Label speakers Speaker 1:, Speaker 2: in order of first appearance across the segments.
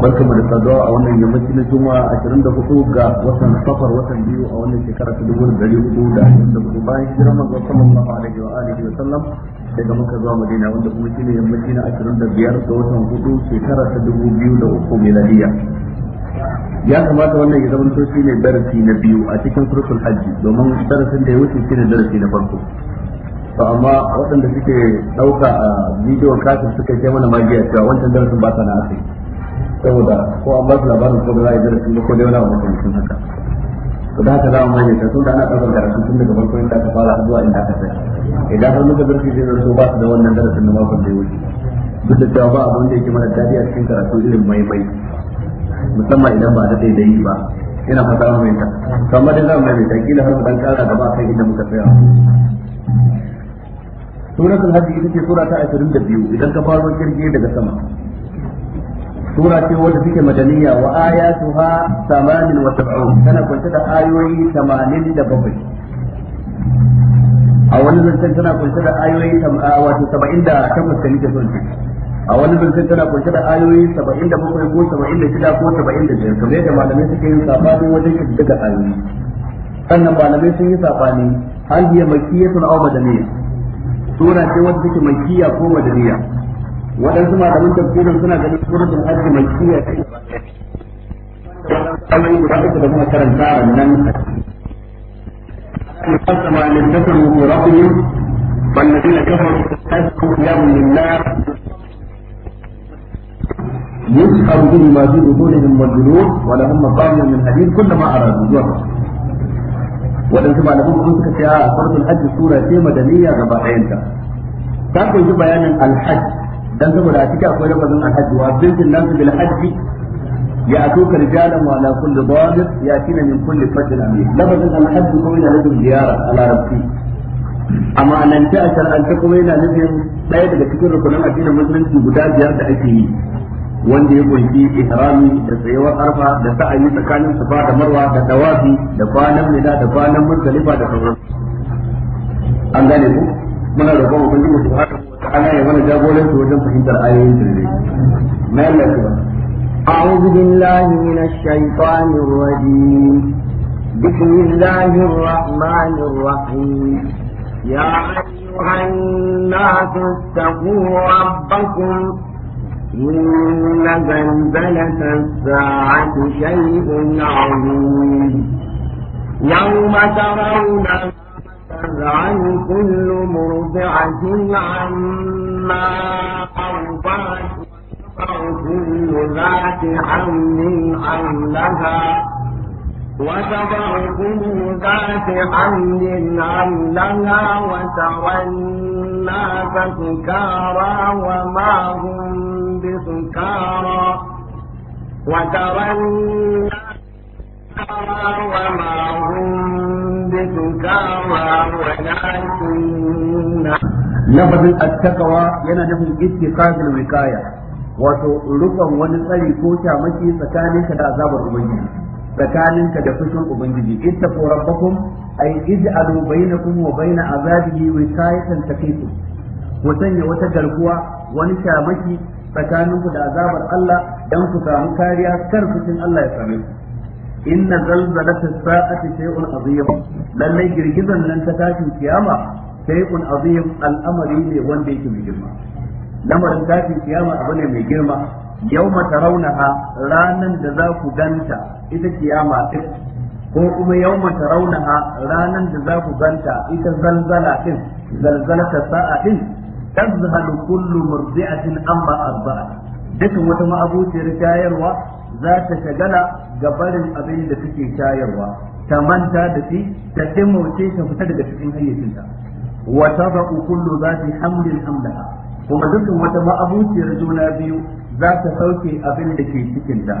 Speaker 1: barkamu da saduwa a wannan yammaci na juma'a ashirin da hudu ga watan safar watan biyu a wannan shekara ta dubu da dari hudu da ashirin da hudu bayan sallallahu alaihi wa alihi wa sallam muka madina wanda kuma shine yammaci na ashirin da biyar ga watan hudu shekara ta dubu biyu da uku miladiya ya kamata wannan ya zama shi ne darasi na biyu a cikin surkul hajji domin darasin da ya wuce shi ne darasi na farko to amma waɗanda suke ɗauka a bidiyon kafin suka kai mana magiya cewa wancan darasin ba na asali saboda ko an ba su labarin ko ba za a yi darasi ba ko dai wani
Speaker 2: abu sun haka
Speaker 1: ko da haka za mu mai ta tunda ana ɗaukar darasi tun daga farko inda aka fara zuwa inda aka tsaya idan har muka darasi zai zarto ba su da wannan darasin na makon da ya wuce duk da cewa ba abin da yake mana daɗi a cikin karatu irin maimai musamman idan ba da daidai ba ina fata mu mai ta to da dai za mu mai ta kila har mu dan ƙara gaba kai inda muka tsaya سورة hajj ita ce sura ta 22 idan ka faro kirge daga sama sura ce wadda take madaniya wa ayatuha 78 tana kunshe da ayoyi da 87 a wani zancen tana kunshe da ayoyi wato 78 da nike son a wani zancen tana kunshe da ayoyi da bakwai ko da shida ko da 75 kamar yadda malamai suke yin sabani wajen kiddiga ayoyi sannan malamai sun yi sabani hal hiya makkiyatun aw madaniyya sura ce wadda take makkiya ko madaniya waɗansu malaman tafsirin suna ganin suratul hajj makkiya ce ayoyi guda uku da kuma karanta nan قسم أن كفروا
Speaker 2: بربهم والذين كفروا أسقوا ثياب
Speaker 3: للنار
Speaker 1: يسحب به ما في بطونهم والجنود ولهم مقام من حديد كلما أرادوا جوعا waɗansu malaman sun suka ce a farkon hajji sura ce madaniya gaba ɗayanta ta kunshi bayanin alhajj dan saboda a cikin akwai lafazin alhaji wa bintin nan bil hajji ya atuka rijalan wa ala kulli dhamir yatina min kulli fajr amin lafazin alhaji kuma yana nufin ziyara a larabci amma nan ta shar'anta kuma yana nufin ɗaya daga cikin rukunin addinin musulunci guda biyar da ake yi wanda ya kunshi ihrami da tsayuwar arfa da sa'ayi tsakanin safa da marwa da tawafi da kwanan mina da kwanan muzdalifa da sauran an gane ku muna roƙon ubangiji subhanahu ana yi mana jagoranci wajen fahimtar ayoyin
Speaker 2: jirgin mai lafiya
Speaker 3: أعوذ بالله من الشيطان الرجيم بسم الله الرحمن الرحيم يا أيها الناس اتقوا ربكم إن زلزلة الساعة شيء عظيم يوم ترونه تذعن كل مرضعة عما أرضعت كل ذات حمل حملها وتضع كل ذات حمل حملها وترى الناس سكارى وما هم بسكارى وترى الناس وما هم بسكارى ولكن
Speaker 1: lafazin attakawa yana nufin ittiqadul wikaya wato rufan wani tsari ko shamaki tsakaninka da azabar ubangiji tsakaninka da fushin ubangiji ittaqu rabbakum ay ij'alu bainakum wa baina azabihi wikayatan taqikum ku sanya wata garkuwa wani shamaki tsakaninku da azabar Allah dan ku samu kariya kar fushin Allah ya same ku inna zalzalata sa'ati shay'un azim lallai girgizan nan ta tashin kiyama shay'un azim al'amari ne wanda yake mai girma lamarin tashin kiyama abu ne mai girma yawma tarawnaha ranan da za ku ganta ita kiyama din ko kuma yawma tarawnaha ranan da za ku ganta ita zalzala din zalzalata sa'a din tazhalu kullu murdi'atin amma arba'at Dukkan wata ma'abuciyar shayarwa za ta shagala ga barin abin da take shayarwa ta manta da shi ta taimauce ta fita daga cikin hayyacinta wa tadau kullu zati hamlin hamlaha kuma dukkan wata ma'abuciyar juna biyu za ta sauke abin da ke cikinta.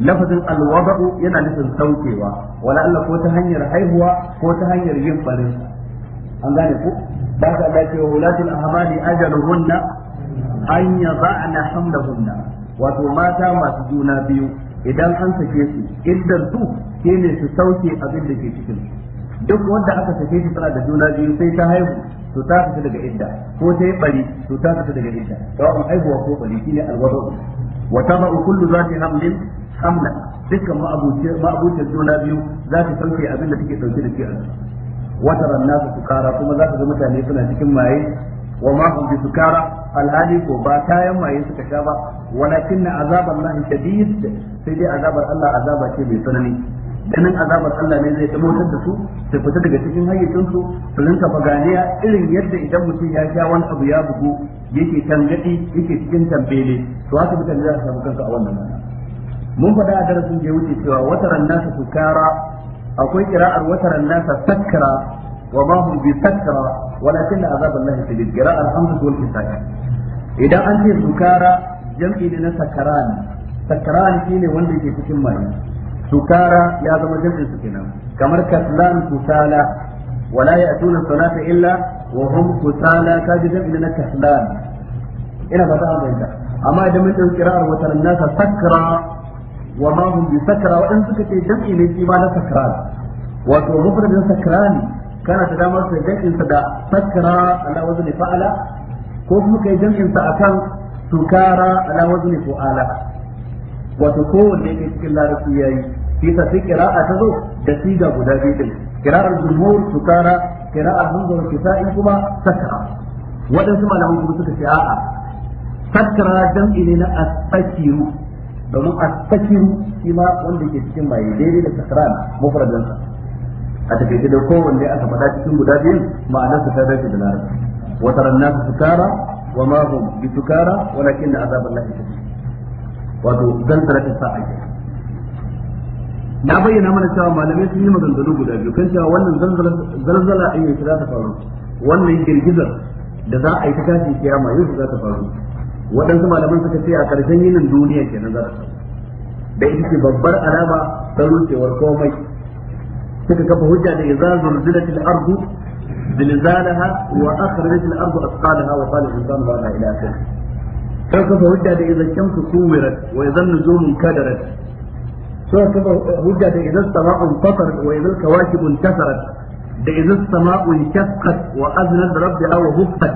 Speaker 1: lafazin alwada'u yana nufin saukewa wala Allah ko ta hanyar haihuwa ko ta hanyar yin barin an gane ku ba ka dace wa wulatul ahmali ajaluhunna an yada'na hamlahunna wato mata masu juna biyu idan an sake su idan su shine su sauke abin da ke cikin duk wanda aka sake su tana da juna biyu sai ta haihu to ta fita daga idda ko ta yi bari to ta fita daga idda sawa'un haihuwa ko bari shine alwado wa tabu kullu zati hamlin hamla dukkan ma'abucin juna biyu za ta sauke abin da take dauke da shi a wata ranna su kara kuma za ka ga mutane suna cikin maye wa ma hum bi sukara alhali ko ba kayan waye suka sha ba walakin na azabar Allah shadid sai dai azabar Allah azaba ce mai tsanani ganin azabar Allah ne zai tabo da su sai fita daga cikin hayyacin su su rinka irin yadda idan mutum ya sha wani abu ya bugu yake tangadi yake cikin tambele to haka mutane za su samu kansu a wannan nan mun faɗa a darasin da ya wuce cewa wataran nasa sukara akwai kira'ar wataran nasa sakara وما هم بسكرى ولكن عذاب الله شديد قراءة الحمد والكساء إذا أنت سكارى جمع لنا سكران سكران شيني وندي في كتم سكارى يا ذا جمع سكنا كمر كسلان كسالى ولا يأتون الصلاة إلا وهم كسالى كاجزم لنا كسلان إلى فتاة بيتا أما إذا من القراءة وترى الناس سكرى وما هم بسكرى وإن سكتي جمع لنا سكران وتوفر من سكراني kana ta damar su jam'in sa da sakara ala wazni fa'ala ko kuma kai jam'in sa akan sukara ala wazni fu'ala wato kowanne ne cikin larabci yayi shi ta sai qira'a ta zo da siga guda biyu din qira'ar jumhur sukara qira'ar hamza wa kisa'i kuma sakara wadansu malaman kuma suka ce a'a sakara jam'i ne na as-sakiru domin as-sakiru shi ma wanda ke cikin mai daidai da sakran mufradansa a takaice da kowanne aka faɗa cikin guda biyun ma'anar su ta dace da larabci wa taranna su sukara wa ma hum bi sukara walakin da azabul lahi shadid wato zan dan sa sa'a na bayyana mana cewa malamai sun yi maganganu guda biyu kan cewa wannan zalzala in yau za ta faru wannan girgizar da za a yi ta tashin kiyama yau za ta faru waɗansu malaman suka ce a ƙarshen yinin duniya kenan za ta da ita ce babbar alama ta rucewar komai suka kafa hujja da idza zulzilat al-ardu zilzalaha wa akhrajat al-ardu asqalaha wa qala al-insanu ma la ilaha illa sai kafa hujja da idza shamsu kuwirat wa idza nujumu kadarat sai kafa hujja da idza sama'un fatarat wa idza kawakibu intasarat da idza sama'u shaqqat wa aznat rabbiha wa huffat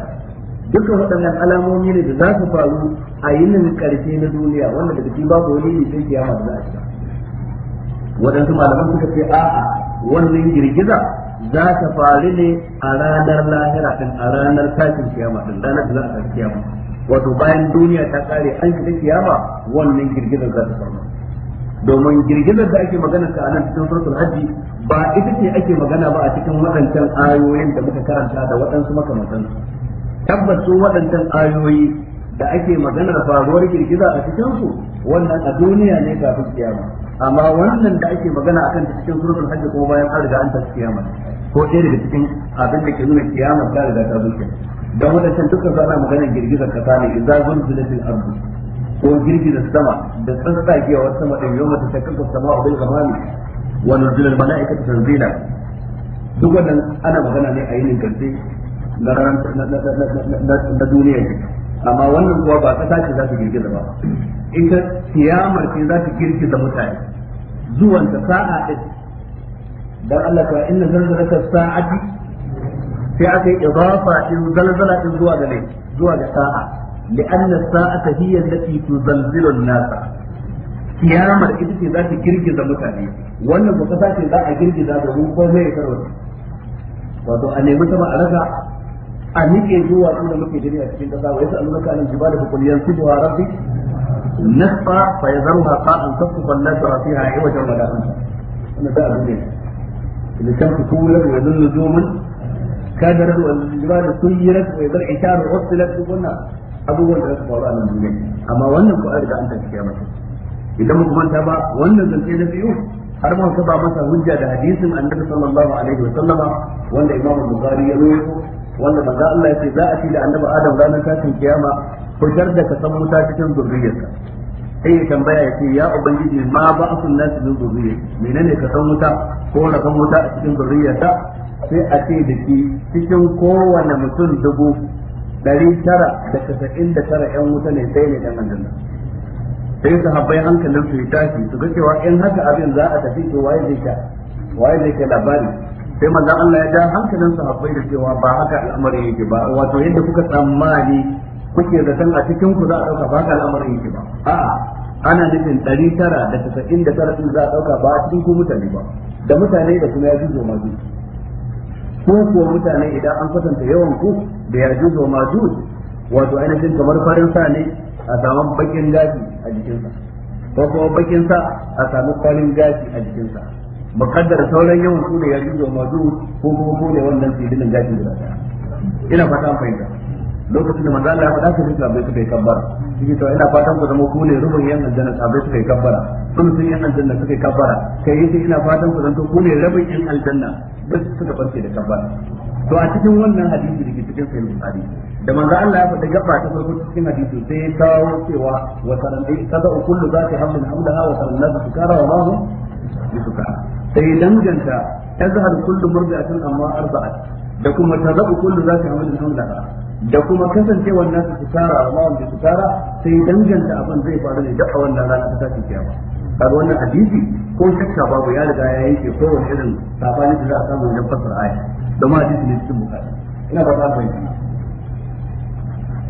Speaker 1: dukkan waɗannan alamomi ne da za su faru a yinin ƙarshe na duniya wanda daga cikin babu wani ne sai kiyama da za a shiga waɗansu malaman suka ce a'a wannan girgiza za ta faru ne a ranar lahira din a ranar tashin kiyama din ranar da za a tashi kiyama wato bayan duniya ta kare an shiga kiyama wannan girgizar za ta faru domin girgizar da ake magana ta anan cikin suratul hajji ba ita ce ake magana ba a cikin waɗancan ayoyin da muka karanta da waɗansu makamantan tabbas su waɗancan ayoyi da ake maganar faruwar girgiza a cikinsu, wannan a duniya ne kafin kiyama amma wannan da ake magana akan ta cikin suratul hajji kuma bayan an riga an ta kiyama ko ɗaya daga cikin abin da ke nuna kiyama ta riga ta zuke don wadancan dukkan su ana maganar girgizar kasa ne idza zulzilatil ardu ko girgizar sama da ke tsatsagewa sama din yawma tashakkaku sama'u bil ghamami wa nuzulul mala'ikatu tanzila duk wannan ana magana ne a yinin karshe na duniya amma wannan kuwa ba kasa ce za su girgiza ba ita kiyamar ce za su girgiza mutane zuwan ta sa'a din dan Allah ta inna zalzalata sa'ati sai aka yi idafa din zalzala din zuwa ga lai zuwa ga sa'a li'anna sa'ata hiya allati tuzalzilu an-nasa kiyamar ita ce za ta girgiza mutane wannan ba kasa ce za a girgiza domin komai ya karwace wato a nemi ta ba a rasa a nike zuwa inda muke gani a cikin kasa wa yasa annaka an jibala fa qul yansibuha rabbi nasfa fa yadharuha qa'an tasfa la tara fiha iwajan wala amsa wannan da abin ne idan kan kula wa dun nujuman kadar wal jibala suyirat wa yadhar isharu usilat kunna? abubuwan da suka faru a nan duniya amma wannan ko an da an tafi kiyama idan kuma ta ba wannan zance na biyu har ma ka ba masa hujja da hadisin annabi sallallahu alaihi wa sallama wanda imamu bukhari ya rawaito wanda manzo Allah ya ce za a ci da annabi Adam ranar tashin kiyama fitar da ka san wuta cikin zurriyarsa sai ya tambaya ya ce ya ubangiji ma ba a sunna cikin zurriya menene ka san wuta ko rafan wuta a cikin zurriyarsa sai a ce da shi cikin kowane mutum dubu dari tara da tasa'in da tara yan wuta ne sai ne ɗan aljanna sai su habbai hankalin su ya tashi su ga cewa in haka abin za a tafi to waye zai sha waye zai kai labari sai manzon Allah ya ja hankalin sahabbai da cewa ba haka al'amari yake ba wato yadda kuka tsammani kuke zaton a cikin ku za a dauka ba haka al'amari yake ba a'a ana nufin ɗari tara da tasa'in da tara za a dauka ba cikin ku mutane ba da mutane da kuma ya juzo mazu ko kuwa mutane idan an kwatanta yawan ku da ya juzo mazu wato ainihin kamar farin sa ne a samu bakin gashi a jikinsa ko kuma bakin sa a samu farin gashi a jikinsa muqaddara sauran yawan su ne ya ji zuwa mazu ko kuma ko ne wannan dinin gashin da daya ina fata fahimta lokacin da manzo Allah ya faɗa ka fita bai suka yi kabbara shi to ina fatan ku zama ku ne rubun yan aljanna sabai suka yi kabbara sun sun yan aljanna suka yi kabbara kai yace ina fatan ku zanto ku ne rabin yan aljanna duk suka farke da kabbara to a cikin wannan hadisi da ke cikin sahih bukhari da manzo Allah ya faɗa gaba ta farko cikin hadisi sai ya kawo cewa wa sanan dai eh, kaza kullu zati hamdan hamdaha wa sanan nazu sukara wa ma hum bi sai danganta tazhar kullu murdi'atin amma arba'at da kuma tazabu kullu zati hamlin hamlaha da kuma kasancewar nasu su tara amma wanda su tara sai danganta abin zai faru ne da a wannan rana ta tashi kiyama kaga wannan hadisi ko shakka babu ya riga ya yanke kowane irin sabani da za a samu wajen fasar aya domin hadisi ne cikin bukari ina ba ta fahimta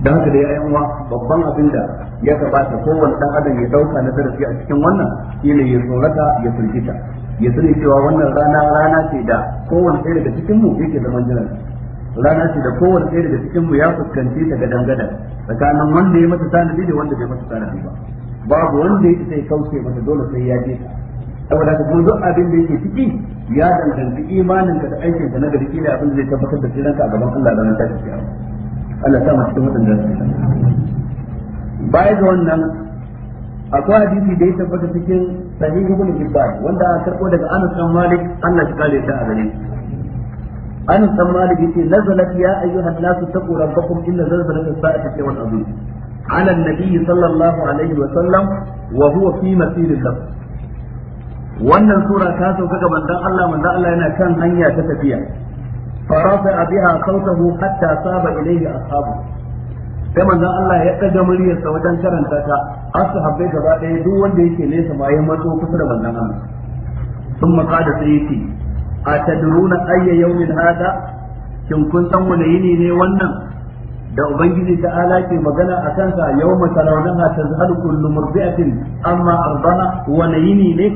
Speaker 1: da haka dai ayan uwa babban abin da ya kamata kowanne dan adam ya dauka na darasi a cikin wannan shine ya tsorata ya firgita ya sani cewa wannan rana rana ce da kowane ɗaya daga cikin mu yake zaman jiran rana ce da kowane ɗaya daga cikin mu ya fuskanci ta gadan tsakanin wanda ya masa tanadi da wanda bai masa tanadi ba babu wanda ya sai kauce masa dole sai ya je saboda ka kuma duk abin da yake ciki ya danganci imanin ka da aikin ka na gari shi ne abin da zai tabbatar da ka a gaban Allah ranar ta Allah ta masu cikin waɗanda bayan ga wannan akwai hadisi da ya tabbata cikin sahih ibn hibban wanda aka karbo daga Anas bin Malik Allah ya kare ta a gare Anas bin Malik yace nazalat ya ayyuhan nasu taqu rabbakum inna zalzalat as-sa'ati shay'un azim ala an-nabi sallallahu alaihi wa sallam wa huwa fi masirin lahu wannan sura ta sauka ga manzon Allah manzon Allah yana kan hanya ta tafiya farafa biha sautahu hatta saba ilayhi ashabu sai manzon Allah ya ɗaga muryarsa wajen karanta ta ashabai gaba ɗaya duk wanda yake nesa ma ya matso kusa da manzon Allah sun makada sai yake a tadruna ayya yawmin hada kin kun san wani yini ne wannan da ubangiji ta ala ke magana a kansa yawma tarawnaha tazhalu kullu murdi'atin amma arbana wani yini ne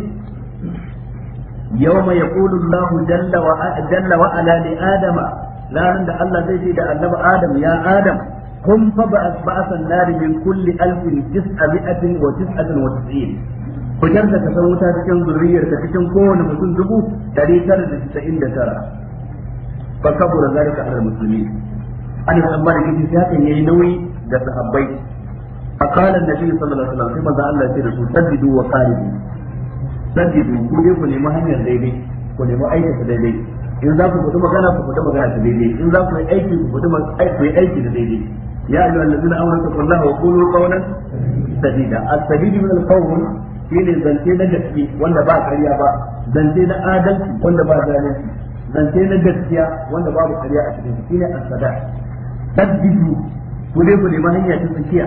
Speaker 1: yawma yaqulu Allah jalla wa jalla wa ala li adama da Allah zai ce da annabi Adam ya Adam kun fa ba'asan nari min kulli alfin tis'abi'atin wa tis'atin wa tis'in ku jarta ka san wuta cikin zuriyar ka cikin kowane mutum dubu dari tara da tisa'in da tara fa kabura zalika alal muslimin an tsammani kike sai hakan yayi nauyi ga sahabbai فقال النبي صلى الله عليه وسلم كما ذا الله يقول سددوا وقاربوا سددوا كل ku nemi hanyar daidai ku nemi aikata daidai in za ku fita magana ku fita magana ta daidai in za ku yi aiki ku fita aiki da daidai يا أيها الذين آمنوا اتقوا الله وقولوا قولا سديدا السديد من القول shine zance na gaske wanda ba ƙarya ba zance na adalci wanda ba zalunci zance na gaskiya wanda babu ƙarya a cikin shine as-sada tadbidu ku dai ku nemi hanya ta tsakiya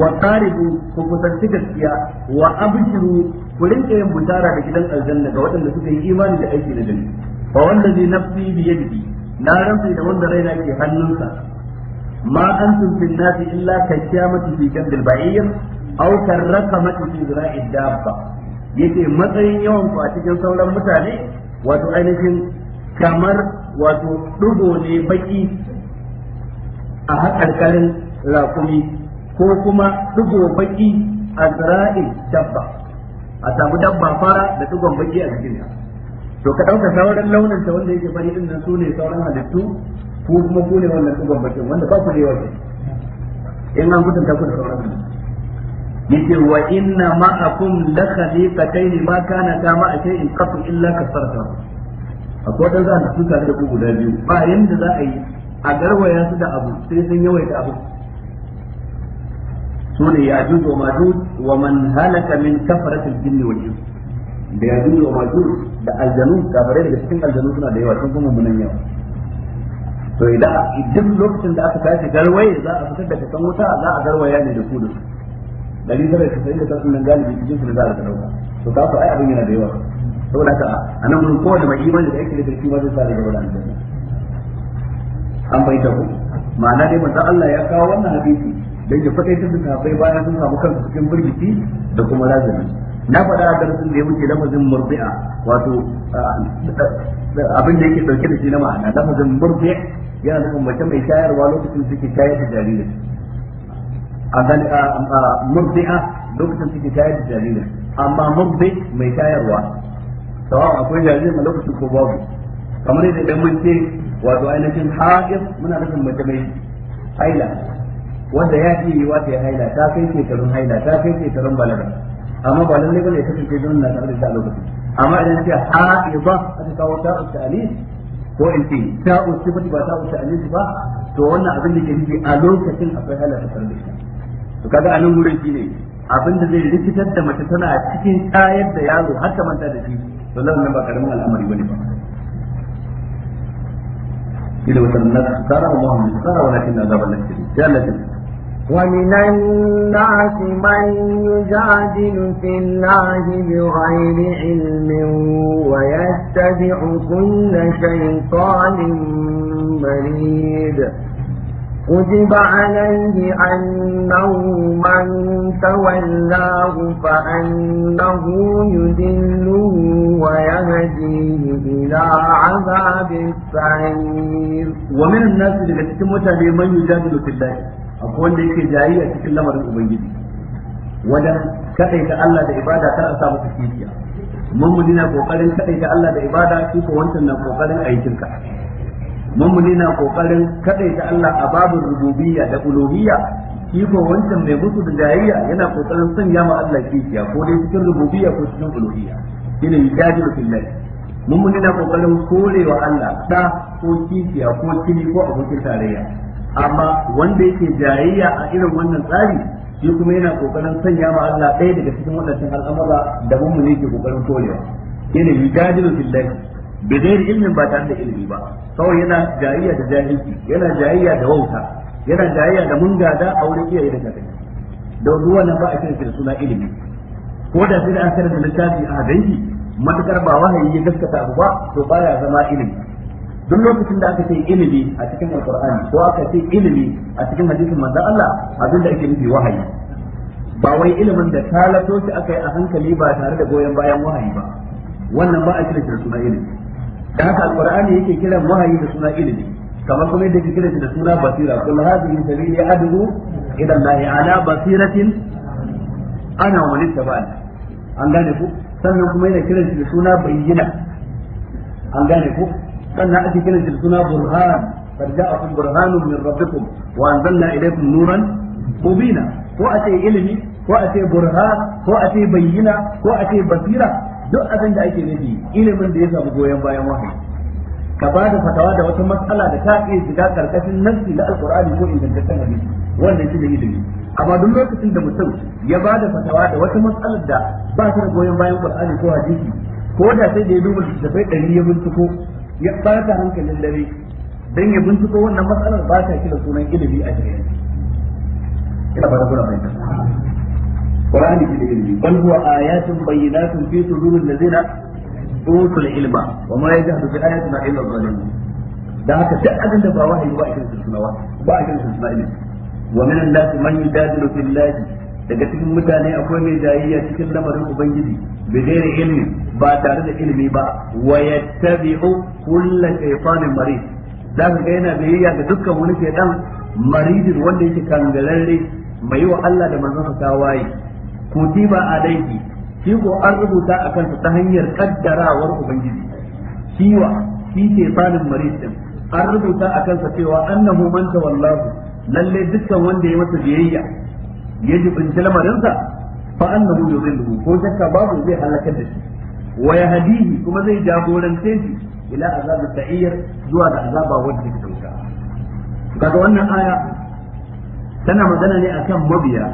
Speaker 1: wa taribu ku kusanci gaskiya wa abshiru ku rinka yin butara da gidan aljanna ga waɗanda suka yi imani da aiki na gari na da wanda raina ke hannunsa ma antum fil nasi illa ka kiyamati fi kandil ba'ir aw karrakamati fi zira'id dabba yace matsayin yawan ku a cikin sauran mutane wato ainihin kamar wato dugo ne baki a hakarkarin rakumi ko kuma dugo baki a zira'id dabba a samu dabba fara da tugon baki a cikin to ka dauka sauran launin ta wanda yake fari din nan ne sauran halittu Ku kuma ku ne wannan tsugon bakin wanda ba ku da yawa in an ta ku da sauran yace wa inna ma'akum la khaliqatayn ma kana ta ma shay'in qatu illa kasarta akwai dan za su tare da ku guda biyu ba yanda za a yi a garwaya su da abu sai sun yawaita abu sune yajuj wa majud wa man halaka min kafarati al-jinn wal ins da yajuj wa majud da aljanu kafare daga cikin aljanu suna da yawa sun kuma munan yawa to idan duk lokacin da aka tashi garwaye za a fitar da kasan wuta za a garwaya ne da su da su dari da da sai da kasan nan galibi cikin su da za a dauka to ka fa ai abin yana da yawa saboda haka anan mun kowane mai imani da yake da kirki ba zai sare da wannan an bai ta ku ma'ana dai manzo Allah ya kawo wannan hadisi dan ya fadaitar da sahabbai bayan sun samu kansu cikin burgiti da kuma lazimi na faɗa a darasin da ya wuce lafazin murbi'a wato abin da yake dauke da shi na ma'ana lafazin murbi'a yana nufin mace mai shayarwa lokacin da take shayar da jaririn a murbi'a lokacin da take shayar da jaririn amma murbi mai shayarwa sawa akwai jaririn a lokacin ko babu kamar yadda idan mun ce wato ainihin haƙin muna nufin mace mai haila wanda ya fi wata ta haila ta kai shekarun haila ta kai shekarun balaga amma ba lalle bane ya kasance don na tare da ita a lokacin amma idan ce ha'iza aka kawo ta ta'alis ko in ce ta usifati ba ta ta'alis ba to wannan abin da ke nufi a lokacin akwai halatta tare da ita to kaga a nan shine abin da zai rikitar da mace tana cikin tayar da yaro har ta manta da shi to nan ba karamin al'amari bane ba
Speaker 3: ومن الناس من يجادل في الله بغير علم ويتبع كل شيطان مريد كتب عليه أنه من تولاه فأنه يذله ويهديه إلى عذاب السعير ومن الناس
Speaker 1: الذي تموت من يجادل في الله akwai wanda yake jari a cikin lamarin ubangiji wajen ta Allah da ibada kar a sa kiciya. mun mummuni na kokarin kadaita Allah da ibada shi ko wancan na kokarin aikin ka mummuni na kokarin kadaita Allah a babin rububiyya da uluhiyya shi ko wancan mai musu da jariya yana kokarin sanya ma Allah kiciya, ko dai cikin rububiyya ko cikin uluhiyya shine yajadu billahi mummuni na kokarin korewa Allah da ko kiciya ko kini ko abokin tarayya amma wanda yake jayayya a irin wannan tsari shi kuma yana kokarin sanya ma Allah ɗaya daga cikin waɗannan al'amura da mun ne yake kokarin korewa yana yujadilu billahi bi ghairi ilmin ba tare da ilimi ba kawai yana jayayya da jahilci yana jayayya da wauta yana jayayya da mun gada a wurin iyaye da kakanni da wannan ba a kiran suna ilimi ko da sai da an karanta littafi a dangi matakar ba wahayi ya gaskata abu ba to baya zama ilimi duk lokacin da aka ce ilimi a cikin alqur'ani ko aka ce ilimi a cikin hadisin manzon Allah abin da ake nufi wahayi ba wai ilimin da talato shi aka yi a hankali ba tare da goyon bayan wahayi ba wannan ba a kira shi da suna ilimi da haka alqur'ani yake kiran wahayi da suna ilimi kamar kuma yadda yake kira shi da suna basira kullu hadhihi sabili adu ila Allah ala basiratin ana wa tabani an gane ku sannan kuma yana kiran shi da suna bayyina an gane ku sannan ake kiran shi da suna burhan qad ja'akum burhanun min rabbikum wa anzalna ilaykum nuran mubina ko a ilimi ko a ce burhan ko a ce bayyina ko a basira duk abin da ake nufi ilimin da ya samu goyon bayan wahayi ka ba da fatawa da wata matsala da ta iya shiga karkashin nassi na alqur'ani ko ingantaccen hadisi wannan shi ne ilimi amma duk lokacin da mutum ya ba da fatawa da wata matsala da ba ta da goyon bayan qur'ani ko hadisi ko da sai da ya duba da ɗari dari ya binciko ya bata hankalin dare dan ya binciko wannan matsalar ba ta kira sunan ilimi a cikin ina ba ta kuna mai Qur'ani ke da ilimi bal huwa ayatun bayyinatun fi suduril ladzina utul ilma wa ma yajhadu bi ayatina illa zalimun da haka duk abin da ba wahayi ba a kiran suna ba a kiran suna ilimi wa min an-nas man yujadilu fillahi daga cikin mutane akwai mai jayayya cikin lamarin ubangiji bi ghairi ilmi ba tare da ilimi ba wa yattabi'u kullu shaytanin marid zaka ga yana biyayya ga dukkan wani shaytan maridin wanda yake kangalarre mai yi wa Allah da manzon sa waye kutiba alayhi shi ko an rubuta akan ta hanyar kaddarawar ubangiji shiwa shi shaytanin marid din an rubuta akan sa cewa annahu man tawallahu lalle dukkan wanda ya masa biyayya ya jibinci lamarinsa fa annahu yuzilluhu ko shakka babu zai halakar da shi Waya hadihi kuma zai jagorance shi ila azabi sa'ir zuwa ga azaba wanda take tauka kaga wannan aya tana magana ne akan mabiya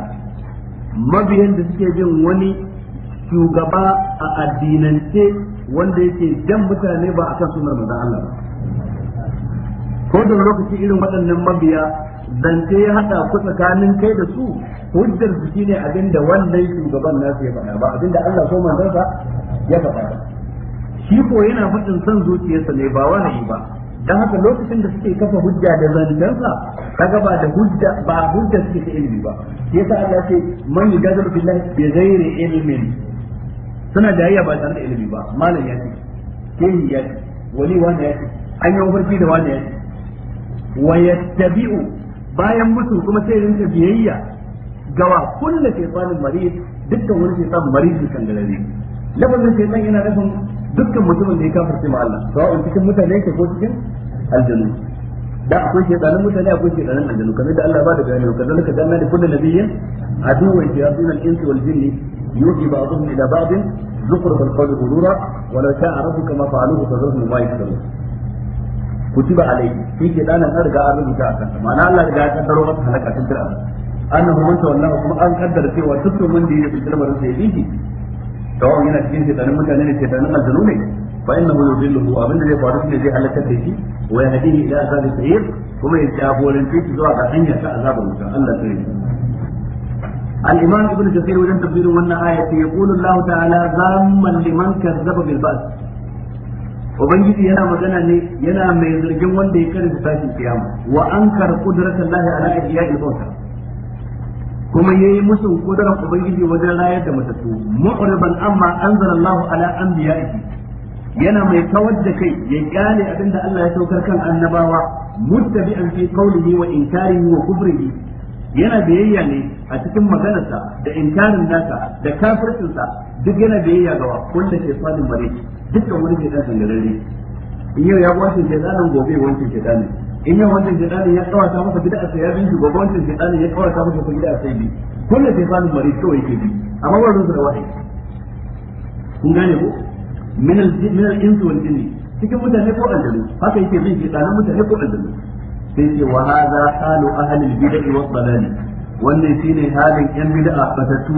Speaker 1: mabiyan da suke bin wani shugaba a addinance wanda yake jan mutane ba akan sunar manzon Allah ko da lokaci irin waɗannan mabiya zance ya haɗa ku tsakanin kai da su hujjar su ne abinda da wannan shugaban nasu ya faɗa ba abinda da Allah ko manzansa ya faɗa shi ko yana faɗin son zuciyarsa ne ba wahayi ba dan haka lokacin da suke kafa hujja da zancensa kaga ba da hujja ba hujja suke ta ilimi ba yasa Allah ce man yujadilu billahi bi ghairi ilmin suna jayayya ba tare da ilimi ba malam ya ce kai ya ce Wani wani ya ce an yi wani da wani ya ce wa yattabi'u bayan mutu kuma sai rinka biyayya gawa kullu shaytanin marid dukkan wani shaytan marid kan galare lafazin nan yana nufin dukkan mutumin da ya kafirce ma Allah sawa'un cikin mutane yake ko cikin aljanu da akwai shaytanin mutane akwai shaytanin aljanu kamar da Allah ba da bayani kaza laka janna da kullu nabiyyin aduwwan shayatin al-insi wal jinni yuhi ba'dhum ila ba'd zukhruf al-qawli ghurura wa law sha'a rabbuka ma fa'aluhu fa zarhum ma yaftarun kutiba alayhi shi shaytanin an riga an rubuta a kansa ma'ana Allah riga ya kaddaro masa halaka tun tira annahu man tawallahu kuma an kaddara cewa dukkan wanda ya yi lamarin sa ya yi sawa yana cikin shedanin mutane ne shedanin aljanu ne fa innahu yudilluhu abin da zai faru ne zai halaka da shi wa yahdihi ila azabil sa'ir kuma ya jagorance shi zuwa ga hanyar ta azabin wuta Allah ta yi الإمام ابن كثير وجن تفسير من آية يقول الله تعالى ذاما لمن كذب بالبأس ubangiji yana magana ne yana mai zargin wanda ya karanta tashin kiyama wa ankar qudratullahi ala ihya'i al-mauta kuma yayi musu kudarar ubangiji wajen rayar da matattu mu'riban amma anzalallahu ala anbiya'ihi yana mai kawar da kai ya kyale abinda Allah ya saukar kan annabawa muttabi'an fi qawlihi wa inkarihi wa kufrihi yana biyayya ne a cikin maganarsa da inkarin nasa da kafircinsa duk yana biyayya ga wanda ke fadin bare dukkan wani ke dan sangararre in yau ya gwashin ke tsanin gobe wancan ke tsanin in yau wancan shaytanin ya kawata masa bid'a sai ya bi shi gobe wancan shaytanin ya kawata masa ko bid'a sai bi kullu shaytanin mari kawai yake bi amma wannan su da wahayi kun gane ko min al min al insu wal jinni cikin mutane ko aljanu haka yake bin shaytanin mutane ko aljanu sai ce wa hadha halu ahli al bid'ah wa dalal wannan shine halin yan bid'a fatatu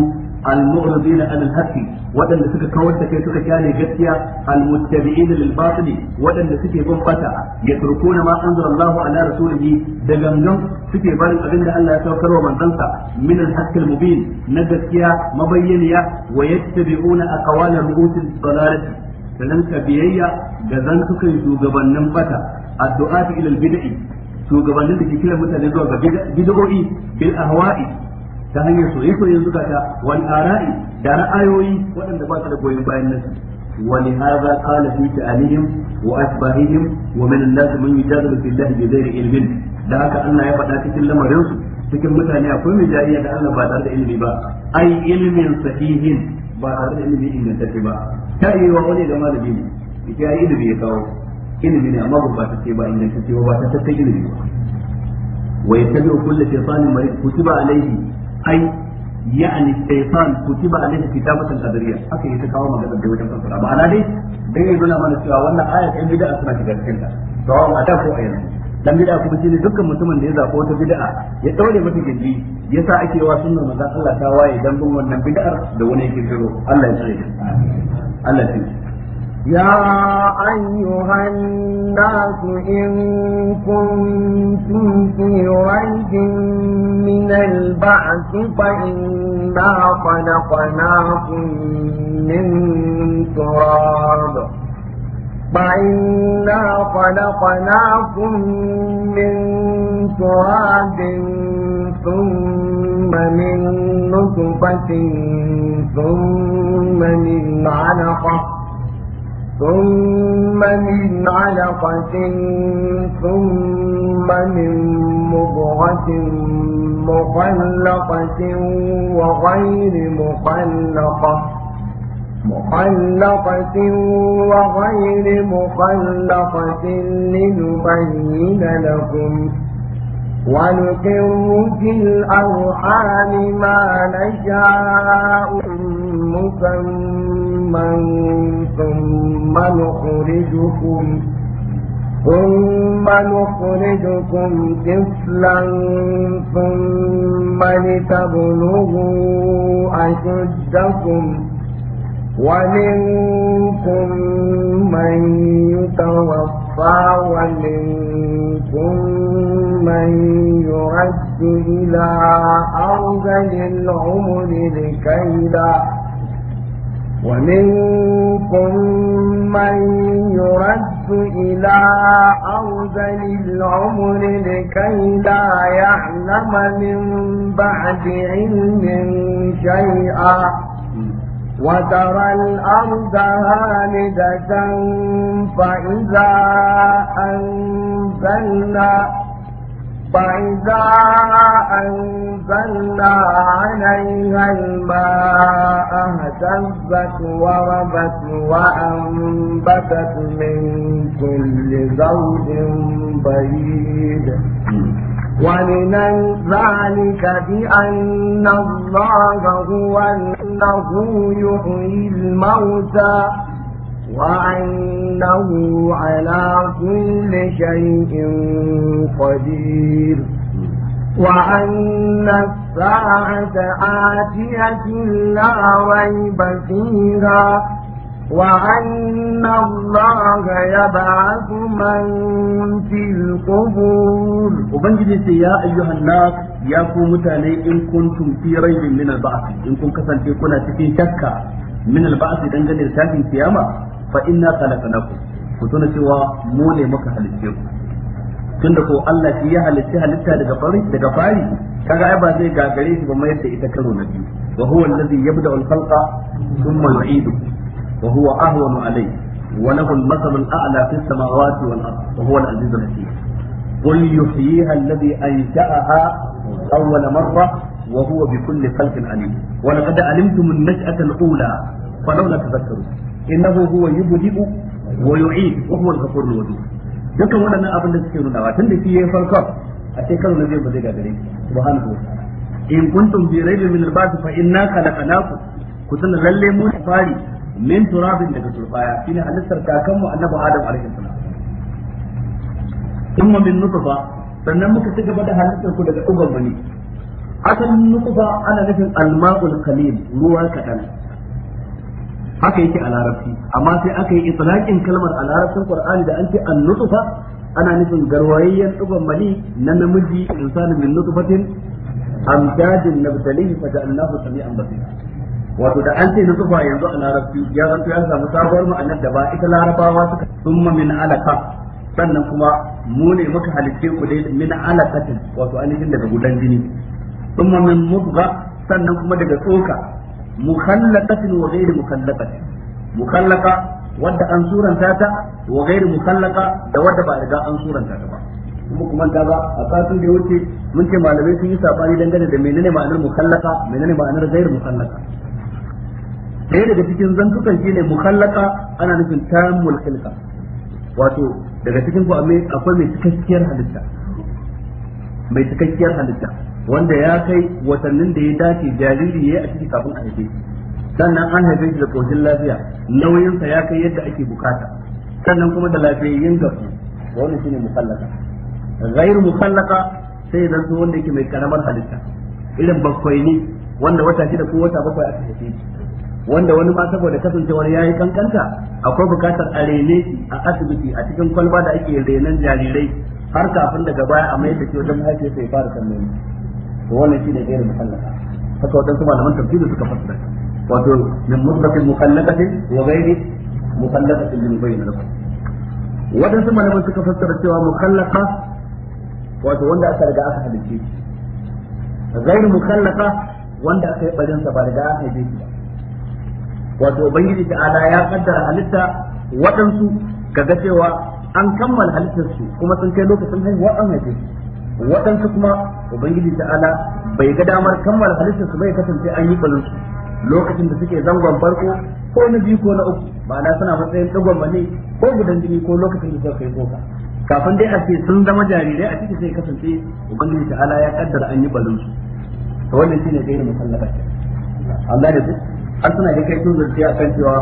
Speaker 1: المغرضين عن الحق ودن suka kawar da kai suka kyale gaskiya almuttabi'in lil batil wadanda suke bin fata yatrukuna ma anzala Allahu ala rasulihi da gangan suke barin abinda Allah ya saukarwa manzansa min al-haqq al-mubin na gaskiya mabayyaniya wa yattabi'una aqwala ru'usil dalalati sanan ka biyayya ga zantukan shugabannin fata addu'a ila al-bid'i shugabannin da ke kira mutane zuwa ga bid'o'i bil ahwa'i ta hanyar soyayyen zukata wal ara'i da ra'ayoyi waɗanda ba su da goyon bayan nasu ولهذا قال في تعاليهم وأشباههم ومن الناس من يجادل في الله بغير علم da haka Allah ya faɗa cikin lamarinsu cikin mutane akwai mai jariya da Allah ba tare da ilimi ba ai ilmin sahihin ba tare da ilimi ingantacce ba ta yi wa wani da malami ne ya yi ilimi ya kawo ilimi ne amma ba ta ce ba ingantacce ba ba ta ai يعني الشيطان كتب عليه كتابة القدرية haka yake kawo magana da wajen ba ma'ana dai dan yayi nuna mana cewa wannan aya ɗin bid'a suna shiga cikin ta to a da ko ayan dan bid'a kuma shine dukkan mutumin da ya zabo wata bid'a ya daure mata gindi yasa ake wa sunnar manzon Allah ta waye dan bin wannan bid'ar da wani yake jiro Allah ya tsare Allah ya tsare
Speaker 3: يا أيها الناس إن كنتم في ريب من البعث فإنا خلقناكم من تراب فإنا خلقناكم من تراب ثم من نطفة ثم من علقة ثم من علقة ثم من مضغة مخلقة وغير مخلقة مخلقة وغير مخلقة لنبين لكم ونقر في الأرحام ما نشاء مسمى يوما ثم نخرجكم ثم نخرجكم طفلا ثم لتبلغوا أشدكم ومنكم من يتوفى ومنكم من يرد إلى أرض العمر لكي لا ومنكم من يرد إلى أرذل العمر لكي لا يعلم من بعد علم شيئا وترى الأرض هامدة فإذا أنزلنا فإذا أنزلنا عليها الماء اهتزت وربت وأنبتت من كل زوج بعيد ومن ذلك بأن الله هو أنه يحيي الموتى وأنه على كل شيء قدير وأن الساعة آتية لا ريب فيها وأن الله يبعث من في القبور
Speaker 1: وبنجد يا أيها الناس يا كومتاني إن كنتم في ريب من البعث إن كنتم كسنتي كنا تكين شكا من البعث دنجل الشاكين قيامة fa inna khalaqnakum ku tuna cewa mu ne muka halicce ku tunda ko Allah shi ya halicce halitta daga fari daga fari kaga ai ba zai gagare shi ba mai da ita karo na biyu wa huwa alladhi yabda'u al-khalqa thumma yu'idu wa huwa ahwanu alayhi wa lahu al-mathalu al-a'la fi as-samawati wal ard wa huwa al-'azizu hakim قل يحييها الذي أنشأها أول مرة وهو بكل خلق عليم ولقد علمتم النشأة الأولى فلولا تذكرون innahu huwa yubdi'u wa yu'id wa huwa al-ghafurur wadud dukkan waɗannan abin da suke nunawa tun da shi yayin farkon a sai karo na zai ba zai gagare subhanahu wa ta'ala in kuntum bi raibin min al-ba'th fa inna khalaqnakum ku tana lalle mu fari min turabin daga turbaya shine halittar kakanmu annabi adam alaihi salam thumma min nutfa sannan muka ci gaba da halittar ku daga uban mani asalin nutfa ana nufin al-ma'ul qalil ruwa kadan haka yake a larabci amma sai aka yi itlaqin kalmar a larabcin qur'ani da an ce an-nutfa ana nufin garwayayyen dugon mali na namiji insanin min nutfatin amdadin nabtalihi fa ja'alnahu sami'an basira wato da an ce nutfa yanzu a larabci ya zanto ya samu sabuwar ma'anar da ba ita larabawa suka summa min alaka sannan kuma mu ne muka halicce ku dai min alaqatin wato ainihin daga gudan jini summa min mudgha sannan kuma daga tsoka mukhallaqatin wa ghairu mukhallaqatin mukhallaqa wadda an suranta ta wa ghairu mukhallaqa da wadda ba riga an suranta ta ba kuma kuma da ba a kasu da wuce mun ce malamai sun yi sabani dangane da menene ma'anar mukhallaqa menene ma'anar ghairu mukhallaqa ɗaya daga cikin zantukan shi ne mukhallaka ana nufin tammul khilqa wato daga cikin ku akwai mai cikakkiyar halitta mai cikakkiyar halitta wanda ya kai watannin da ya dace jariri yi a ciki kafin a haife sannan an haife shi da koshin lafiya nauyinsa ya kai yadda ake bukata sannan kuma da lafiyayyen gasu wani shine musallaka ghairu musallaka sai zan so wanda yake mai karamar halitta irin bakwai ne wanda wata shida ko wata bakwai aka haife shi wanda wani ma saboda kasancewar yi kankanta akwai bukatar a rene shi a asibiti a cikin kwalba da ake renan jarirai har kafin daga baya a mai da shi wajen mahaifiyarsa ya fara sannan to wannan shine gairu mukallaka haka wadansu malaman tafsiri suka fassara wato min wa ghairi min lakum malaman suka fassara cewa wato wanda aka riga aka halice shi gairu mukallaqa wanda aka yi ba riga aka yi shi wato ubangiji ta ala ya kaddara halitta wadansu kaga cewa an kammala halittarsu kuma sun kai lokacin haihuwa an haife waɗansu kuma ubangiji ta'ala bai ga damar kammala halittar su bai kasance an yi balin su lokacin da suke zangon farko ko na biyu ko na uku ma'ana suna matsayin ba ne, ko gudan jini ko lokacin da suka kai boka kafin dai a ce sun zama jarirai a cikin sai kasance ubangiji ta'ala ya kaddara an yi balin su to wannan shine da musallaka Allah da su an suna da kai sun a kan cewa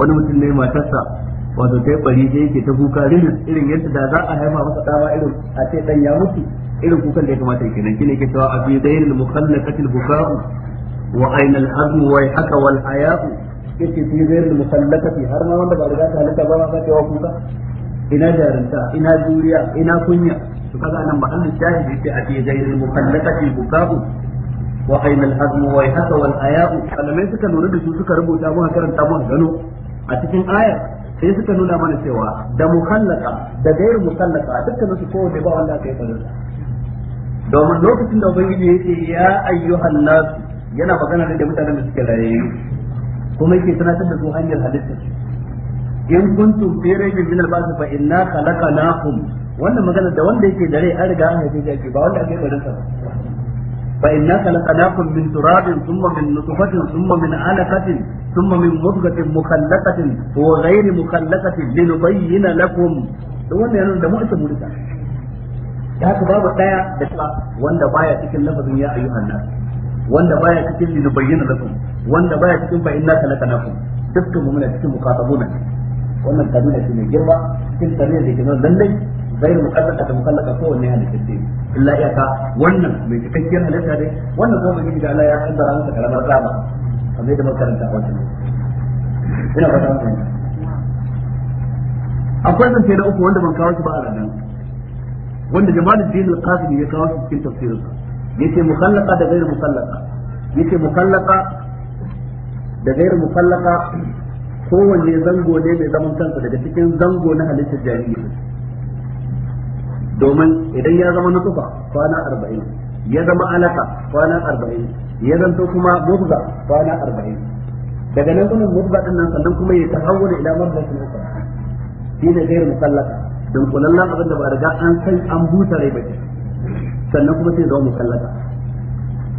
Speaker 1: wani mutum ne matarsa wato kai bari sai yake ta kuka rinin irin yadda da za a haima masa dama irin a ce dan ya mutu irin kukan da ya kamata yake nan kine ke cewa a fi dayn al mukhallaqatil buka'u wa ayna al hazm wa haka wal haya'u yake fi dayn al mukhallaqati har ma wanda ba riga ta halitta ba ma za ta kuka ina jarinta ina juriya ina kunya to kaga nan ba Allah shahidi sai a fi dayn al mukhallaqatil buka'u wa ayna al hazm wa haka wal haya'u kalamai suka nuna da su suka rubuta mu karanta mu gano a cikin ayar sai suka nuna mana cewa da mukallaka da gairu mukallaka dukkan su kowanne ba wanda aka yi farin domin lokacin da ubangiji ya ce ya ayyuhan nasu yana magana da mutanen da suke rayayyu kuma yake tunatar da su hanyar halitta in kuntum fi raybin min al-ba'th fa inna khalaqnakum wannan magana da wanda yake da rai an riga an haife shi ba wanda aka yi farin sa فإنا خلقناكم من تراب ثم من نطفة ثم من علقة ثم من مضغة مخلقة وغير مخلقة لنبين لكم wannan yana da mu'isa mulka
Speaker 2: da haka babu daya da
Speaker 1: ta wanda baya cikin lafazin ya ayyuhan nas wanda baya cikin linubayyana lakum wanda baya cikin fa inna khalaqnakum dukkan mu muna cikin wannan kaduna ce mai girma cikin da ke lallai غير مكلفة مكلفة ko wanne halittace illa iyaka wannan mai cikakkiyar halitta dai wannan kuma bai da Allah ya kaddara masa karamar dama kamar da makaranta a wannan ina ba ta akwai zance na uku wanda ban kawo shi ba a wanda jama'ar din al-qasim ya kawo cikin tafsirinsa yace mukallaqa da ghairu mukallaqa kowanne zango mai zaman kansa daga cikin zango na halittar domin idan ya zama nutfa kwana arba'in ya zama alaka kwana arba'in ya zanto kuma mubga kwana arba'in daga nan kuma mubga din nan sannan kuma ya tahawwala ila mabdatin ukhra shi ne gairu musallaka don kullallan abin da ba riga an san an buta rai ba sannan kuma sai zama musallaka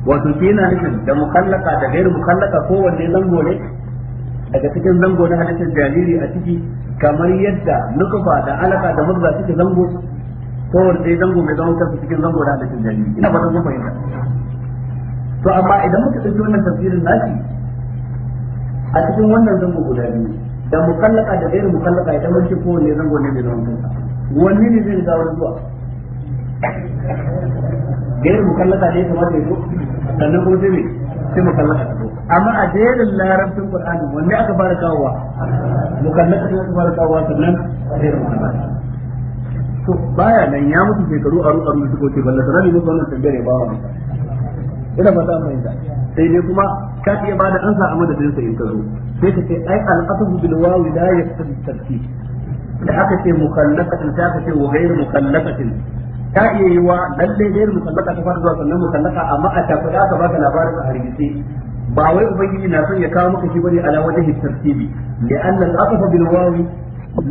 Speaker 1: wato shi na nufin da mukallaka da gairu mukallaka kowanne zango ne daga cikin zango na halittar jariri a ciki kamar yadda nukufa da alaka da murza suke zango kowar dai zango mai zaman kansa cikin zango da hadisin jami'i ina ba ta mun fahimta to amma idan muka ɗauki wannan tafsirin nashi a cikin wannan zango guda biyu da mukallaka da gairu mukallaka idan mun ce kowanne zango ne mai zaman kansa wani ne zai riga wani zuwa gairu mukallaka ne kamar ya zo sannan kuma sai mai sai mukallaka ta zo amma a jerin larabcin qur'ani wanne aka fara kawowa mukallaka ne aka fara kawowa sannan
Speaker 2: gairu mukallaka
Speaker 1: to baya nan ya mutu shekaru aru aru da ko wuce balla sarari musu wannan tambayar ya ba mu ina fata mai da sai dai kuma ka ce ba da ansa a madadin sa in ka zo sai ka ce ai al-qasdu bil wawi la yaqtadi tarkib da aka ce mukallaqatin ta ka ce wa ghayr mukallaqatin ta iya yi wa lalle ghayr mukallaqa ta fara zuwa sannan mukallaqa amma a ta fada ka baka labarin a hargitse ba wai ubangiji na son ya kawo maka shi bane ala wajhi tartibi li'anna al-qasdu bil wawi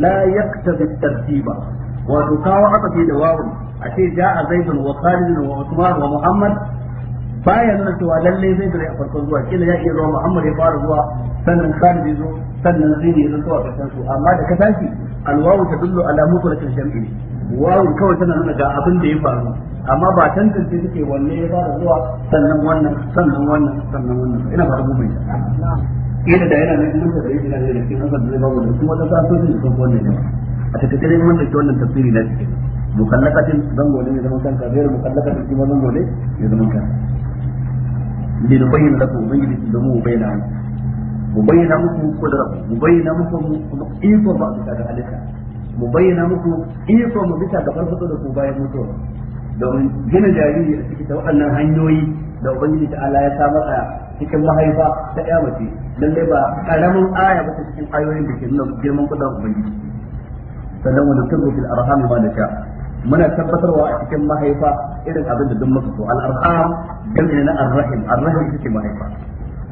Speaker 1: la yaqtadi tartiba wato kawo akafi da wawun a ce ja'a zaidun wa khalid wa usman wa muhammad baya nuna cewa lalle zai da a farkon zuwa kila ya iya zuwa muhammad ya fara zuwa sannan khalid ya zo sannan zai ya zo zuwa karshen su amma da ka tashi alwawu ta dullu ala mutlakin jam'i wawu kawai tana nuna ga abin da ya faru amma ba tantance suke wanne ya fara zuwa sannan wannan sannan wannan sannan wannan ina fara mu bai ina da yana nan duka da yake na da cikin hankali zai babu da kuma da sa so ne sun wannan ne a kare mun dauki wannan tafsiri na cikin mukallakatin zango ne zaman kanka bai mukallakatin kuma zango ne ya zaman kanka lil bayyana lakum bayyin lakum da mu bayyana muku kudratu mu bayyana muku iko ba bisa ga halitta mu bayyana muku iko mu bisa ga farfado da ku bayan mutuwa domin gina jariri a cikin waɗannan hanyoyi da ubangiji ta Allah ya samar a cikin mahaifa ta ƴa mace lalle ba karamin aya ba cikin ayoyin da ke nuna girman kudin ubangiji sannan wani kirru fil arham ma nasha muna tabbatarwa a cikin mahaifa irin abin da duk muka so na arrahim arrahim mahaifa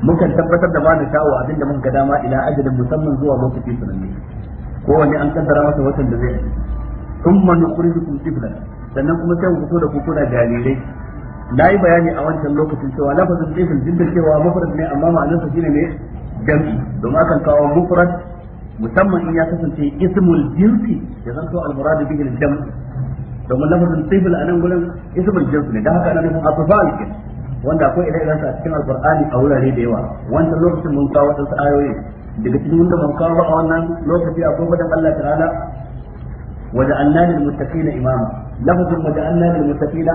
Speaker 1: mukan tabbatar da ma wa abin da muka dama ila ajalin musamman zuwa an kaddara masa watan da zai sannan kuma sai mu fito da jarirai na yi bayani a wancan lokacin cewa lafazin tifl jinda cewa mufrad ne amma ma'anarsa shine ne jam'i domin akan kawo musamman in ya kasance ismul jinsi ya zanto al-murad bihi al-dam domin lafazin sifil a nan gurin ismul jinsi ne da haka ana nufin asfal kin wanda akwai idan idan sa cikin alqur'ani a wurare da yawa wanda lokacin mun kawo wasu ayoyi daga cikin wanda mun kawo a wannan lokaci akwai wadan Allah ta'ala waja'alna lil muttaqina imama lafazin waja'alna lil muttaqina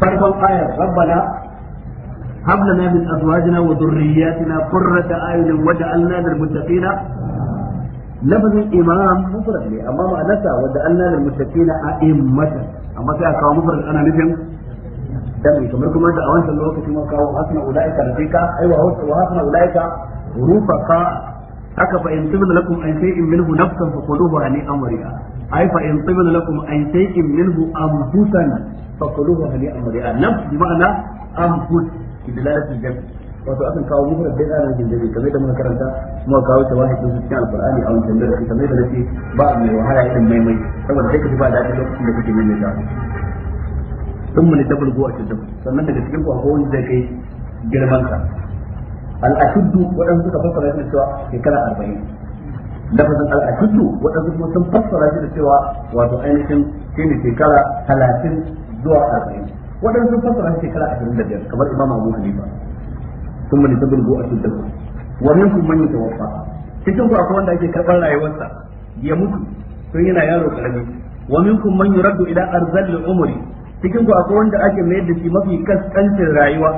Speaker 1: farkon ayar rabbana هب لنا من ازواجنا وذرياتنا قرة اعين وجعلنا للمتقين lafazin imam mufrad ne amma ma'anarsa wadda Allah lil muttaqina a'immatan amma sai a kawo mufrad ana nufin dan kamar kuma da a wancan lokaci mun kawo hasna ulaika rabbika ai wa hasna wa hasna ulaika rufaka aka fa in tibna lakum an shay'in minhu nafsan fa quluhu ani amriya ai fa in tibna lakum an shay'in minhu anfusan fa quluhu ani amriya nafs bi ma'ana anfus bi dalalatil jami' wato akan kawo mutum da da nan jinjiri kamar da muka karanta kuma kawo ta wahid cikin alqur'ani a wancan da kamar da nake ba mai wahala irin mai mai saboda sai ka ji ba daɗi lokacin da kake mai da sun mun tabul go a cikin sannan daga cikin ku akwai zai kai girman ka al-ashuddu waɗansu suka fassara da cewa shekara 40 lafazin al waɗansu kuma sun fassara shi da cewa wato ainihin shine shekara 30 zuwa arba'in waɗansu fassara shi shekara 25 kamar imam Abu Hanifa thumma litablugu ashuddakum wa minkum man yatawaffa cikin ku akwai wanda ake karɓar rayuwarsa ya mutu tun yana yaro karami wa minkum man yuraddu ila arzal umri cikin ku akwai wanda ake mayar da shi mafi kaskancin rayuwa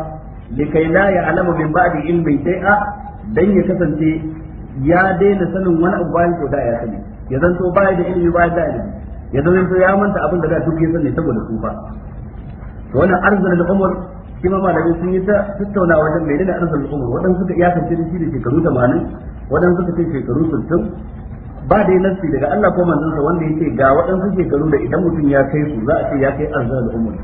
Speaker 1: likai la ya'lamu min ba'di ilmin shay'a dan ya kasance ya daina sanin wani abu bayan ko da ya sani ya zanto baya da ilimi baya da ilimi ya zanto ya manta abin da da duk ya sani saboda tsufa wannan arzal umr shi ma malami sun yi ta tattauna wajen mai da arzikin umar waɗansu suka iya kance da shi shekaru 80 waɗansu suka ce shekaru 60 ba dai nassi daga Allah ko manzon sa wanda yake ga waɗansu shekaru da idan mutum ya kai su za a ce ya kai arzikin umar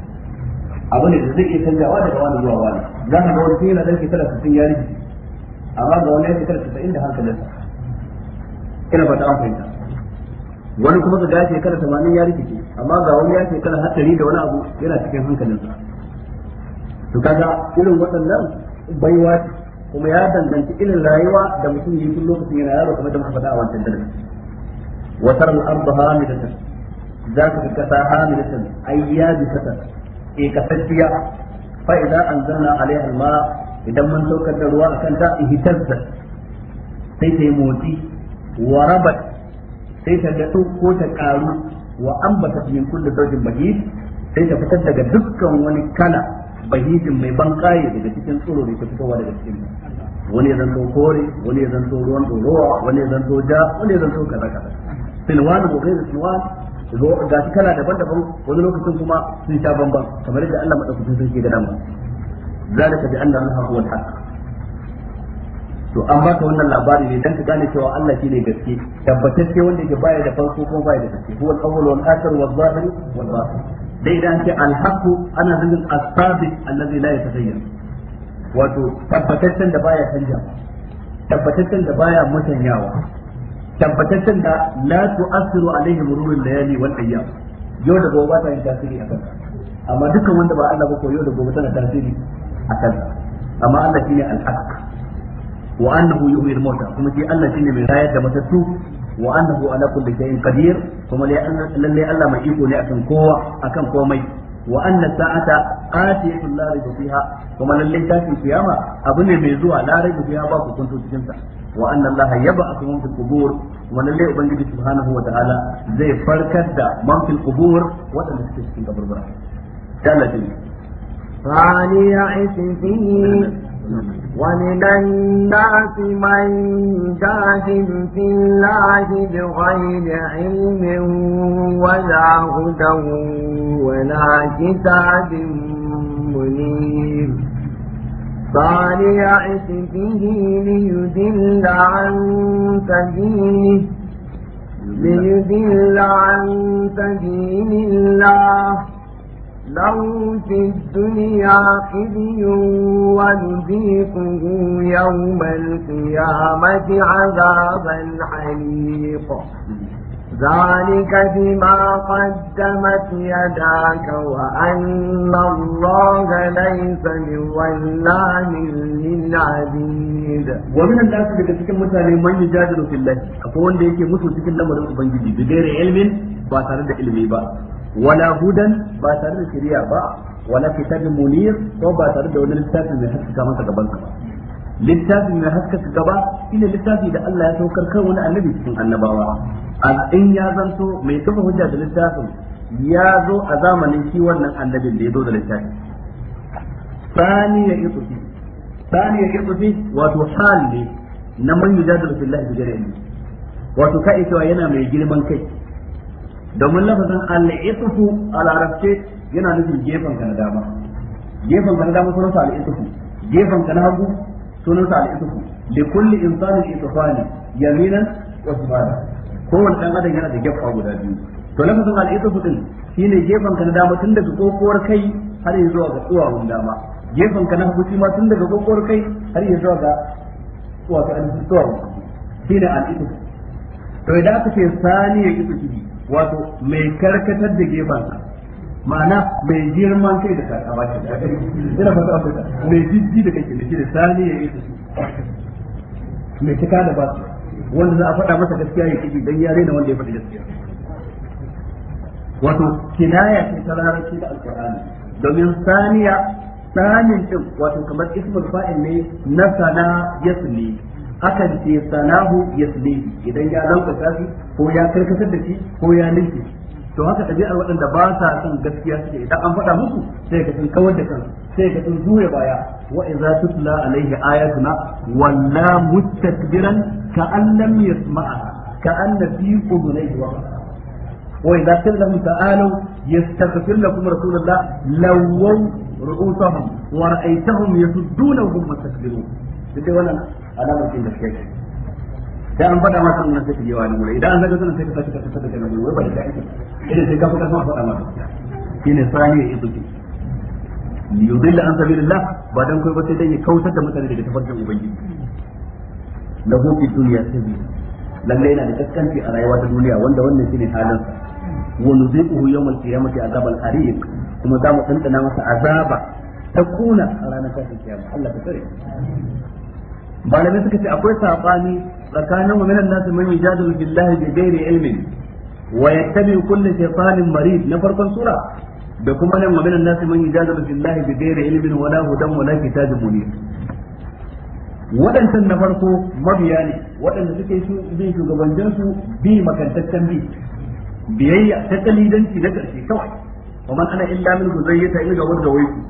Speaker 1: abu ne da zai iya wa daga wani zuwa wani za ka ga wani yana dan shekara 60 ya rike amma ga wani ya shekara 90 da hankalinsa ina ba ta an fahimta wani kuma ga shekara 80 ya rikice amma ga wani ya shekara hatsari da wani abu yana cikin hankalinsa to kaga irin waɗannan baiwa kuma ya danganci irin rayuwa da mutum yi tun lokacin yana yaro kamar da muka faɗa a wancan darasi wa taral ardu hamidatan zaka ga kasa hamidatan ayyabi kasa e kasashiya fa idza anzalna alaiha alma idan mun saukar da ruwa akan ta ihtazza sai ta yi wa rabat sai ta gato ko ta karu wa ambata min kulli zawjin bahid sai ta fitar daga dukkan wani kala bahijin mai ban kaye daga cikin tsoro da ke fitowa daga cikin wani ya zanto kore wani ya zanto ruwan dorowa wani ya zanto ja wani ya zanto kaza kaza silwan ko kai da silwan ga shi kala daban-daban wani lokacin kuma sun sha bamban kamar yadda Allah madaukakin sarki ga dama zalika bi anna Allah huwa al-haq to an baka wannan labari ne dan ka gane cewa Allah shine gaske tabbatacce wanda yake baya da farko ko baya da gaske huwa al-awwal wal akhir wal zahir wal batin dai idan ce alhaqu ana nufin as-sabiq allazi la yataghayyar wato tabbataccen da baya canja tabbataccen da baya mutanyawa tabbataccen da la tu'assiru alaihi mururul layali wal ayyam yau da gobe ba ta yin tasiri a kanka amma dukkan wanda ba Allah ba ko yau da gobe tana tasiri a kanka amma Allah shine al-haq wa annahu yuhyil mauta kuma shi Allah shine mai rayar da matattu wa annahu ala kulli shay'in qadir kuma lalle Allah mai iko ne akan kowa akan komai wa anna sa'ata atiyatu la rayba fiha kuma lalle tashin kiyama abu ne mai zuwa la rayba fiha ba ku kuntu cikin sa wa anna Allah yab'athu man fil qubur kuma lalle ubangiji subhanahu wa ta'ala zai farkar da man fil qubur wadanda suke cikin
Speaker 3: ومن الناس من جاهد في الله بغير علم ولا هدى ولا كتاب منير صانع عتبه ليدل عن سبيله ليدل عن سبيل الله له في الدنيا خزي ونذيقه يوم القيامة عذاب الحريق ذلك بما قدمت يداك وأن الله ليس بظلام للعبيد
Speaker 1: ومن الناس اللي cikin mutane man yajadilu fillah akwai wanda yake musu cikin lamarin ubangiji bigare ilmin ba tare da ilimi ba wala hudan ba tare da shari'a ba wala kitabin munir ko ba tare da wani littafi mai haskaka masa gaban ka littafi mai haskaka gaba shine littafi da Allah ya saukar kan wani annabi cikin annabawa in ya zanto mai kafa hujja da littafin ya zo a zamanin shi wannan annabin da ya zo da littafi ثاني يطفي ثاني يطفي وتحال na man yujadilu billahi bi ghairi ilmi wato kai cewa yana mai girman kai domin lafazin al-isfu a larabce yana nufin gefen ka na dama gefen ka na dama sunan sa al gefen ka na hagu sunan sa al-isfu li kulli insanin isfani yaminan wa shimala kowanne dan adam yana da gefa guda biyu to lafazin al ɗin din shine gefen ka na dama tun daga kokowar kai har ya zuwa ga tsuwawun dama gefen ka na hagu shi ma tun daga kokowar kai har ya zuwa ga tsuwawun tsuwawun shine al to idan aka ce sani ya kisu kibi wato mai karkatar da gefansa ma'ana mai girman kai da karkaba ce da kai ina fata afirka mai jiji da kake da shi da sani ya yi su mai cika da ba su wanda za a faɗa masa gaskiya ya kiji dan yare na wanda ya faɗi gaskiya wato kinaya ce ta larabci da alƙur'ani domin saniya sanin din wato kamar ismul fa'il ne na sana yasli akan ce sanahu yasbihi idan ya lankwasa shi ko ya karkatar da shi ko ya linke to haka ɗabi'ar waɗanda ba sa son gaskiya suke idan an faɗa musu sai ka sun kawar da kansu sai ka sun zuya baya wa idza tutla alaihi ayatuna walla mustakbiran ka an lam yasma'a ka anna fi udunayhi wa wa idza qila lahum ta'alu yastaghfir lakum rasulullah lawaw ru'usahum wa ra'aytahum yasudduna wa hum mustakbirun dai wannan alamar cin da sai an faɗa masa annan sai idan an zaga sai ka ka tafi daga nan wai ba da kai idan sai ka fita sama faɗa masa shine sani ya li yudilla an sabilillah ba dan ba sai dan ya kautar da mutane daga tafarkin ubangiji lahu fi dunya lalle yana da kaskanci a rayuwa ta duniya wanda wannan shine halin wa nuziquhu yawmal qiyamati azabal hariq kuma za mu tantana masa azaba ta kuna a ranar kafin kiyama Allah ta kare malamai suka ce akwai sabani tsakanin wa minan nasu man yujadilu billahi bi ghairi ilmin wa yattabi kullu shaytanin marid na farkon sura da kuma nan wa minan nasu man yujadilu billahi bi ghairi ilmin wala hudan wala kitabun munir waɗancan na farko mabiya ne waɗanda suke su bin shugabancinsu bi makantaccen bi biyayya ta kalidanci na ƙarshe kawai wa man ana illa min guzayyata in ga wanda waiku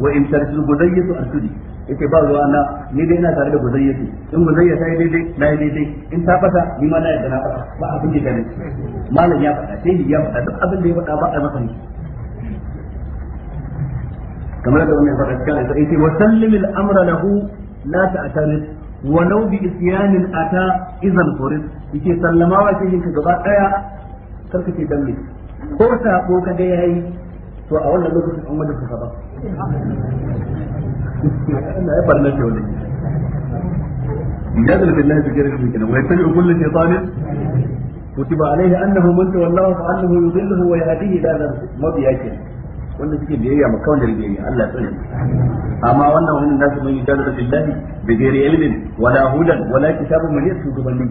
Speaker 1: wa in tarsil guzayyatu arsudi yace ba ruwa na ni dai ina tare da guzai yace in guzai ya sai daidai na yi daidai in ta fasa ni ma na yadda na fata ba abin da gane malam ya faɗa sai ya faɗa duk abin da ya faɗa ba a masa ne kamar da wannan faɗa cikin alƙur'ani sai wa sallimil amra lahu la ta'tarid wa law bi isyanin ata idan turid yake sallamawa sai yin ka gaba daya karka ce dan ko sako ka ga yayi to a wannan lokacin an wada ka
Speaker 2: ba Allah ya farna ce wannan
Speaker 1: yadda billahi bi ghairi shirki wa yattabi'u kullu shaytanin kutiba alaihi annahu man tawallahu fa annahu yudhilluhu wa yahdihi ila nar mabiyakin wanda suke biyayya ma kawai da biyayya Allah ya tsare amma wannan wani nasu mun yi da billahi bi ghairi ilmin wala hudan wala kitabun mun yasu gabanin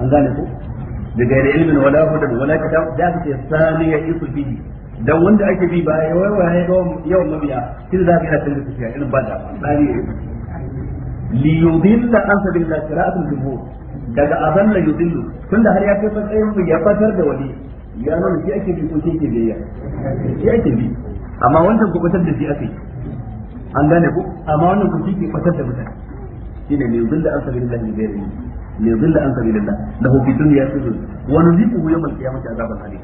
Speaker 1: an gane ko da ghairi wala wala ya dan wanda ake bi ba ya wai wai yawan mabiya kin za ka yana canza tafiya irin ba da tsari li yudilla an sabilla qira'atul jumhur daga azalla yudillu tunda har ya kai matsayin ya fatar da wani ya nuna shi ake bi ko shi ke biyayya shi ake bi amma wannan kubutar da shi ake an gane ku amma wannan ku shi ke fatar da mutane shine li yudilla an sabilla li ghairihi li yudilla an sabilla lahu fi dunya sujud wa nuziquhu yawm al-qiyamati azaban alim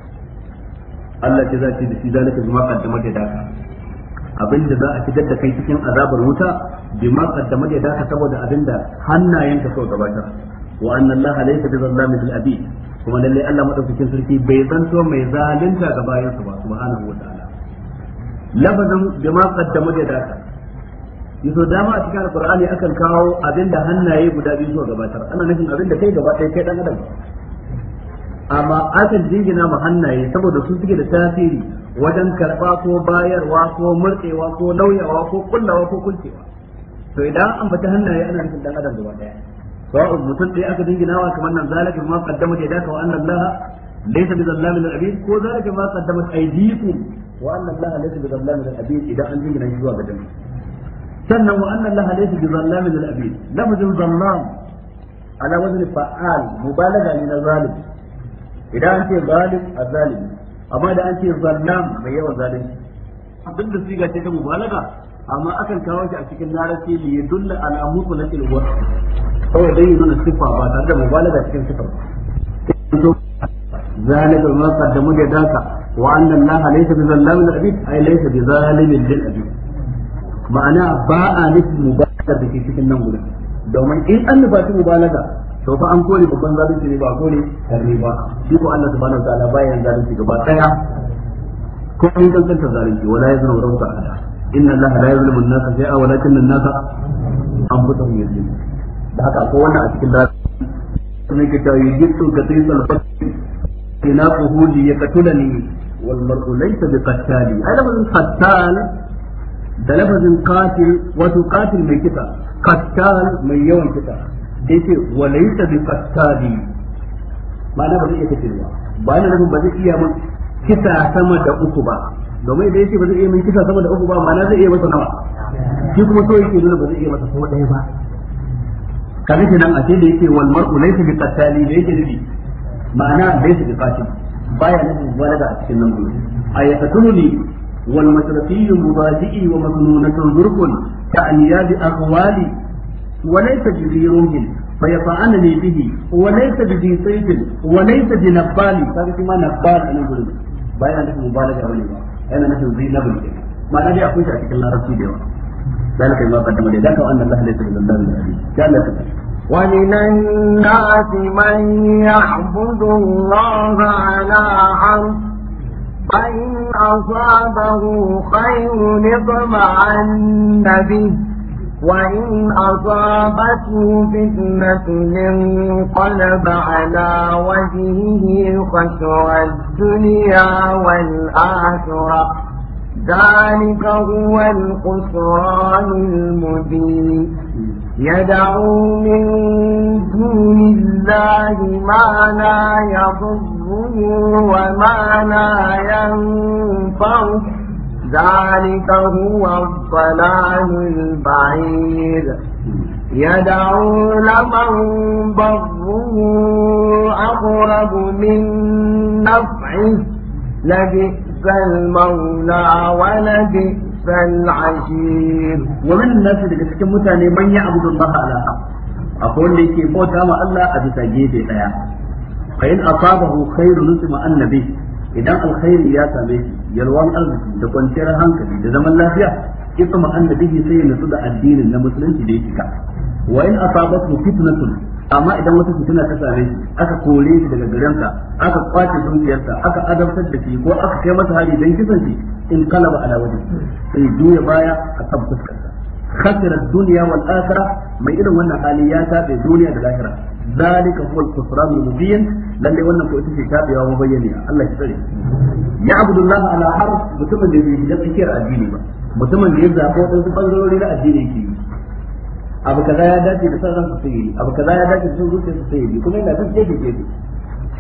Speaker 1: Allah ce za ce da shi zalika bima qaddama da daka abinda za a fitar da kai cikin azabar wuta bima qaddama da daka saboda abinda hannayen hannayenka so gabatar wa anna Allah laysa bi zallamin lil abid kuma lalle Allah madaukakin sarki bai zanto mai zalunta ga bayansa ba subhanahu wa ta'ala lafazin bima qaddama da daka yaso dama a cikin alqur'ani akan kawo abinda hannaye guda biyu so gabatar ana nufin abinda kai gaba ɗaya kai dan adam amma akan jingina ma hannaye saboda su suke da tasiri wajen karɓa ko bayarwa ko murtsewa ko lauyawa ko kullawa ko kuncewa to idan an bata hannaye ana nufin dan adam gaba daya sawa'un mutum ɗaya aka jingina wa kamar nan zalika ma qaddama da ka wa anna Allah laysa bi zallamin lil abid ko zalika ma qaddamat aydikum wa anna Allah laysa bi zallamin lil abid idan an jingina shi zuwa ga dami sannan wa anna Allah laysa bi zallamin lil abid lafazin zallam ala wazn fa'al mubalaga ne na zalim idan an ce zalim azalimi amma da an ce zallam mai yawan zalunci duk da siga ce ta mubalaga amma akan kawo shi a cikin narasi ne ya dulla ala mutlaqil wasf kawai dai yana sifa ba tare da mubalaga cikin sifa ذلك ما قدموا يداك وأن الله ليس بظلام للعبيد أي zalimin بظالم للعبيد ma'ana ba a nufin mubalaga da ke cikin nan gurin domin in an nufaci mubalaga to fa an kore babban zalunci ne ba kore karni ba shi ko Allah subhanahu wataala bayan zalunci gaba daya ko an kankanta zalunci wala yazna wa rabbuka ahada inna Allah la yuzlimu an-nasa shay'a walakinna an-nasa anfusahum yuzlimun da haka ko wannan a cikin zalunci kuma ke ta yi gitsu ka sai salfati ina quhuli yaqtulani wal mar'u laysa biqattali ai lafazin qattal da lafazin qatil wato qatil mai kita qattal mai yawan kita sai ce ta bi ba na ba zai iya kace ba ba na nufin ba zai iya mun kisa sama da uku ba domin idan yace ba zai iya mun kisa sama da uku ba ma na zai iya masa nawa shi kuma so yake nuna ba zai iya masa sama ɗaya ba kan kaga nan a ce da yake wal mar'u laysa bi qattali da yake nufi ma'ana laysa bi qatil baya nufin wani da cikin nan gudu ayatatuni والمشرقي مبادئي ومكنونة ذرق كأنياب أقوالي وليس بذي رمح فيطعنني به وليس بذي سيف وليس بنبال هذا كما نبال أنا أقول بايا نحن مبالغة أولي أنا نحن ذي نبل ما نجي أقول شيء أتكلم رسول الله ذلك ما قدم لي ذاك وأن الله ليس بالله كان لا
Speaker 3: ومن الناس من يعبد الله على عرش فإن أصابه خير اطمأن به وإن أصابته فتنة انقلب على وجهه خسر الدنيا والآخرة ذلك هو الخسران المبين يدعو من دون الله ما لا يضره وما لا ينفعه ذلك هو الضلال البعيد يدعو لمن ضره أقرب من نفعه لبئس المولى ولبئس العشير ومن الناس اللي cikin mutane man ya abudu Allah ala
Speaker 1: akwai wanda yake Allah a bisa gefe daya fa in asabahu khairu idan alkhairi ya same shi yalwan arziki da kwanciyar hankali da zaman lafiya kisa ma bihi sai ya nutsu da addinin na musulunci da yake ka wa in asabatu fitnatun amma idan wata fitina ta same shi aka kore shi daga garinsa aka kwace dukiyarsa aka adabtar da shi ko aka kai masa hari dan kisan shi in kalaba ala wajhi sai juya baya a kan fuskar khasira dunya wal akhirah mai irin wannan hali ya tabe duniya da lahira zalika huwa al-khusran al-mubin lalle wannan ko ita ce tabewa mabayyaniya Allah ya tsare ya abdullah ala mutumin da bai da tsakiyar addini ba mutumin da ya zaɓa wadansu bangarori na addini yake yi abu kaza ya dace da sauran su sai abu ya dace da kuma yana duk yake yake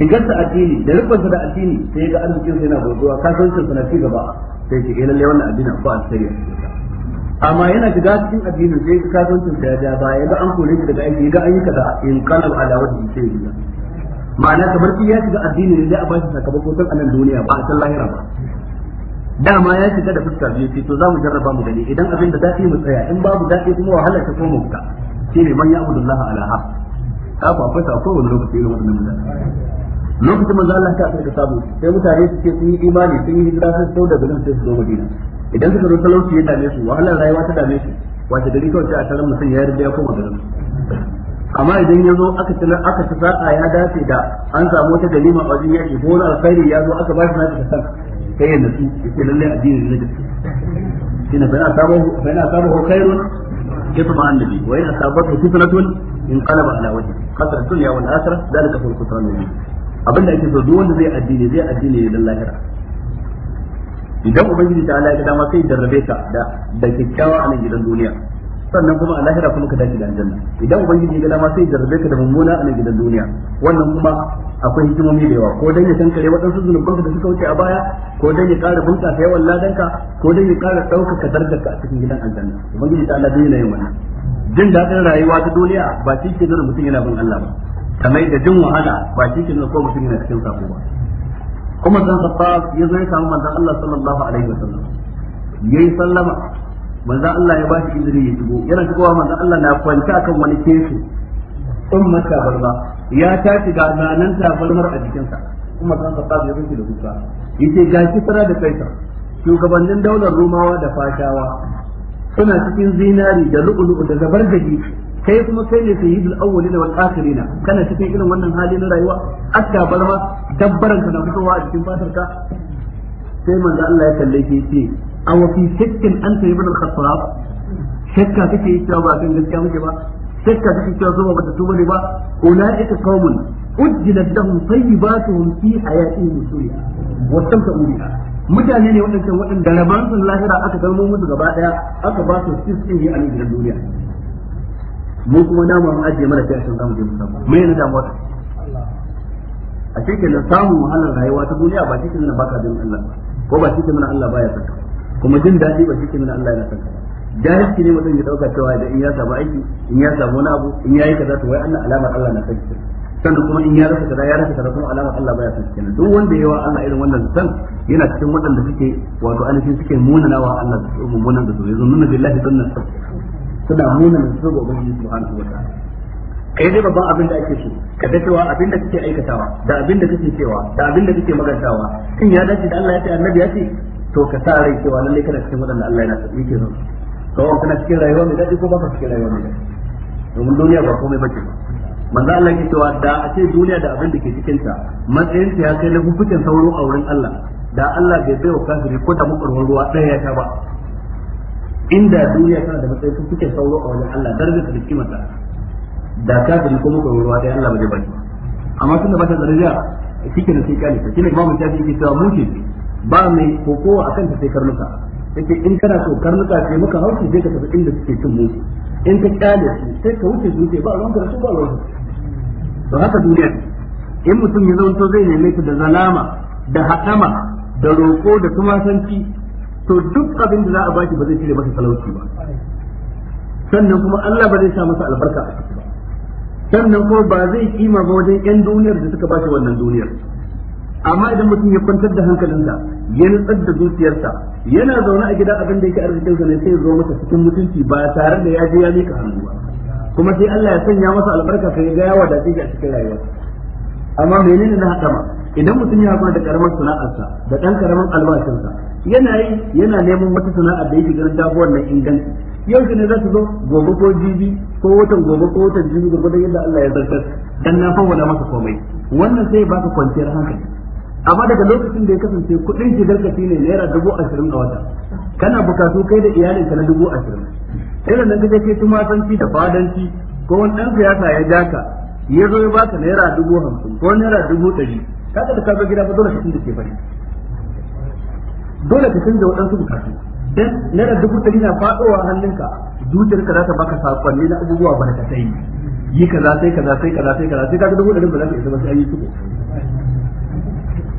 Speaker 1: shigarsa addini da rukunsa da addini sai ga arzikin sa yana gurguwa kasuwancin sa na ci gaba sai ce eh lalle wannan addinin ba amma yana shiga cikin addinin sai ka kasuwancin sa ya ba ya ga an kore shi daga aiki ga an yi in kana ala wajhi sai ya ma'ana kamar shi ya shiga addinin sai a ba shi sakamako san anan duniya ba a san lahira ba dama ya shiga da fuskar biyu ce to za mu jarraba mu gani idan abin da daɗi mu tsaya in babu daɗi kuma wahala ta koma fita shi ne man ya abu Allah ala ha ka ba fata ko wani lokaci irin wannan mutane lokacin manzo Allah ta aka samu sai mutane su ce sun yi imani sun yi hijira sun sau da garin sai su zo Madina idan suka zo talauci ya dame su wahalar rayuwa ta dame su wace gari kawai a taron mutum ya yarda ya koma garin amma idan ya zo aka ci aka ta sa'a ya dace da an samu wata dalima a wajen yaki ko wani alfairi ya zo aka ba shi nashi kasan kai ya nasu yake lallai addini ne da shi na bayana sabahu bayana sabahu khairun yatma annabi wa yana na fitnatun in qalaba ala wajhi qasar dunya wal akhirah dalika fil qur'an abinda ake so duk wanda zai addini zai addini ne dan lahira idan ubangiji ta Allah ya dama sai darrabe ka da da kikkiawa a nan gidan duniya sannan kuma a lahira kuma ka dace da aljanna idan ubangiji ya dama sai darrabe ka da mummuna a nan gidan duniya wannan kuma akwai hikimomi da yawa ko dan ya kankare waɗansu zunubanka da suka wuce a baya ko dan ya ƙara bunƙasa yawan ladanka ko dan ya ƙara ɗaukaka darajarka a cikin gidan aljanna ubangiji ta Allah zai yin wannan jin daɗin rayuwa ta duniya ba shi ke nuna mutum yana bin Allah ba kamar da jin wahala ba shi ke nuna ko mutum yana cikin sako ba Umar dan Khattab ya zo ya samu manzon Allah sallallahu alaihi wasallam yayi sallama manzon Allah ya bashi shi izini ya shigo yana shigowa manzon Allah na kwanta akan wani kesu ummar tabarma ya tashi ga zanen tabarmar a jikinsa Umar dan Khattab ya rubuta da kuka yace ga shi tsara da kaisar, shugabannin daular Rumawa da Fashawa suna cikin zinari da lu'ulu'u da zabarjaji kai kuma kai ne sai sayyidul awwalina wal na kana cikin irin wannan hali na rayuwa akka barma dabbaran ka na fitowa a cikin fatar ka sai manzo Allah ya kalle shi ce aw fi shakkin anta ibn al-khattab shakka kake yi cewa ba kan gaskiya muke ba shakka kake cewa zuwa bata tuba ne ba ulaika qaumun ujjilat lahum tayyibatuhum fi hayatihim dunya wa tamta'u biha mutane ne waɗancan waɗanda rabansu lahira aka kalmo musu gaba ɗaya aka ba su sisi ne a gidan duniya mu kuma namu an ajiye mana sai a can zamu je mu samu me yana damuwa ta a cikin nan samun wahalar rayuwa ta duniya ba cikin nan baka bin Allah ko ba cikin nan Allah baya saka kuma jin daɗi ba cikin nan Allah yana saka jahilci ne mutum ya dauka cewa idan in ya samu aiki in ya samu wani abu in yayi kaza to wai Allah alamar Allah na saka sannan kuma in ya rasa kaza ya rasa kaza kuma alamar Allah baya san kenan duk wanda yawa Allah irin wannan san yana cikin waɗanda suke wato ainihin suke munanawa Allah da su mummunan da su yanzu nuna billahi sunnan suna nuna da su ga ubangiji subhanahu wataala kai dai babban abin da ake so ka ga cewa abin da kake aikatawa da abin da kake cewa da abin da kake magantawa In ya dace da Allah ya ce annabi ya ce to ka sa rai cewa lalle kana cikin wadanda Allah ya yana yake so to kana cikin rayuwa mai dadi ko baka cikin rayuwa mai daɗi domin duniya ba komai bace ba manzo Allah ya cewa da a ce duniya da abin da ke cikin ta matsayin ta ya kai na hukuncin sauro a wurin Allah da Allah bai bai wa kafiri ko ta mukarwar ruwa ɗaya ya ta ba inda duniya tana da matsayin kuke sauro a wajen Allah darajar ta cikin masa da kuma ko muka ruwa dai Allah bai baki amma tun da ba ta daraja kike da sai kalifa kina imamu ta ce cewa mun ce ba mai a kan ta sai karnuka yace in kana so karnuka sai muka hauki sai ka tafi inda suke cin musu in ka kyale su sai ka wuce su wuce ba ruwan ka su ba ruwan to haka duniya in mutum ya to zai neme ta da zalama da haɗama da roƙo da tumasanci to duk abin da za a baki ba zai cire masa talauci ba sannan kuma Allah ba zai sha masa albarka a ciki ba sannan kuma ba zai kima ba wajen yan duniyar da suka bashi wannan duniyar amma idan mutum ya kwantar da hankalinsa ya nutsar da zuciyarsa yana zaune a gida abin da yake arzikinsa ne sai ya zo masa cikin mutunci ba tare da ya je ya mika hannu ba kuma sai Allah ya sanya masa albarka kai ga wa da a cikin rayuwa amma menene na haka ma idan mutum ya zo da karamar sana'arsa da dan karamin albashinsa yana yi yana neman wata sana'a da yake ganin dabuwar na inganci yau ne za su zo gobe ko jibi ko watan gobe ko watan jibi da gudun yadda Allah ya zartar dan na fawwala masa komai wannan sai baka kwanciyar hankali amma daga lokacin da ya kasance kuɗin shigar shi ne naira dubu ashirin a wata kana bukatu kai da iyalinka na dubu ashirin irin nan da ke tumatanci da fadanci ko wani ɗan siyasa ya ja ka ya zo ya baka naira dubu hamsin ko naira dubu ɗari ka da ka gida ba dole ka tunda ke bari dole ka canza waɗansu bukatu dan naira dubu ɗari na faɗowa hannunka zuciyarka za ta baka sakonni na abubuwa ba ka sai yi kaza sai kaza sai kaza sai kaza sai kaga dubu ɗari ba za ka isa ba sai an yi tuko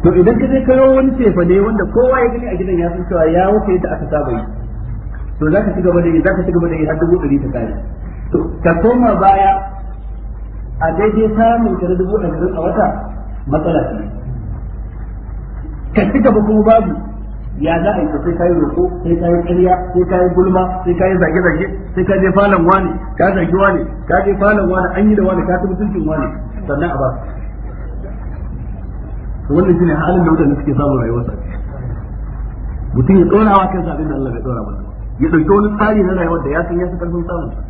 Speaker 1: to idan ka je kawo wani cefa ne wanda kowa ya gani a gidan ya san cewa ya wuce yadda aka saba yi to za ka ci gaba da yi za ka ci gaba da yi har dubu ɗari ta kare to ka koma baya a daidai samun ka na dubu ashirin a wata matsala ce ka ci gaba kuma babu ya za a yi sai kayi roƙo sai kayi ƙarya sai kayi gulma sai kayi zage-zage sai ka je falon wani ka zage wani ka je falon wani an yi da wani ka ta mutuncin wani sannan a ba wannan shine halin da mutane suke samun sa mutum ya tsora wa kansa abin da Allah bai tsora masa ya dauki wani tsari na rayuwar da ya san ya fi karfin samun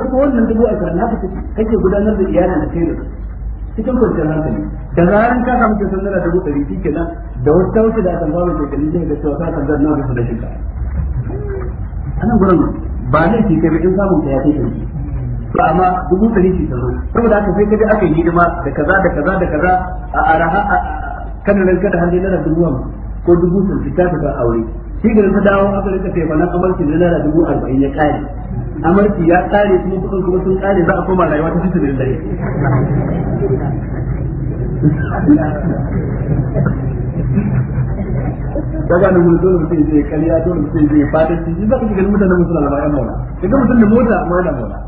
Speaker 1: ko kuma wannan dubu ashirin haka kake gudanar da iyalin da kai da cikin kwanciyar hankali da zaran ka samu kyautar naira dubu ɗari shi nan da wata wuce da aka samu da kalli sai da cewa ka san zan nawa da shi
Speaker 2: a nan gudanar
Speaker 1: ba ne shi kai in samun ta ya kai ba amma dubu ɗari shi ta zo saboda aka sai ka ji aka yi hidima da kaza da kaza da kaza a araha a ranka da hannu naira dubu wani ko dubu sun fita ta aure shi da ta dawo aka rika sai fa na kamar ki naira dubu arba'in ya kare amarki ya tsare su kuma kuma sun tsare za a koma rayuwa ta fita da dare kaga nan mun dole mutum zai kariya dole mutum zai fata shi shi zaka ga mutanen musulma da bayan maula kaga mutum da mota ma da maula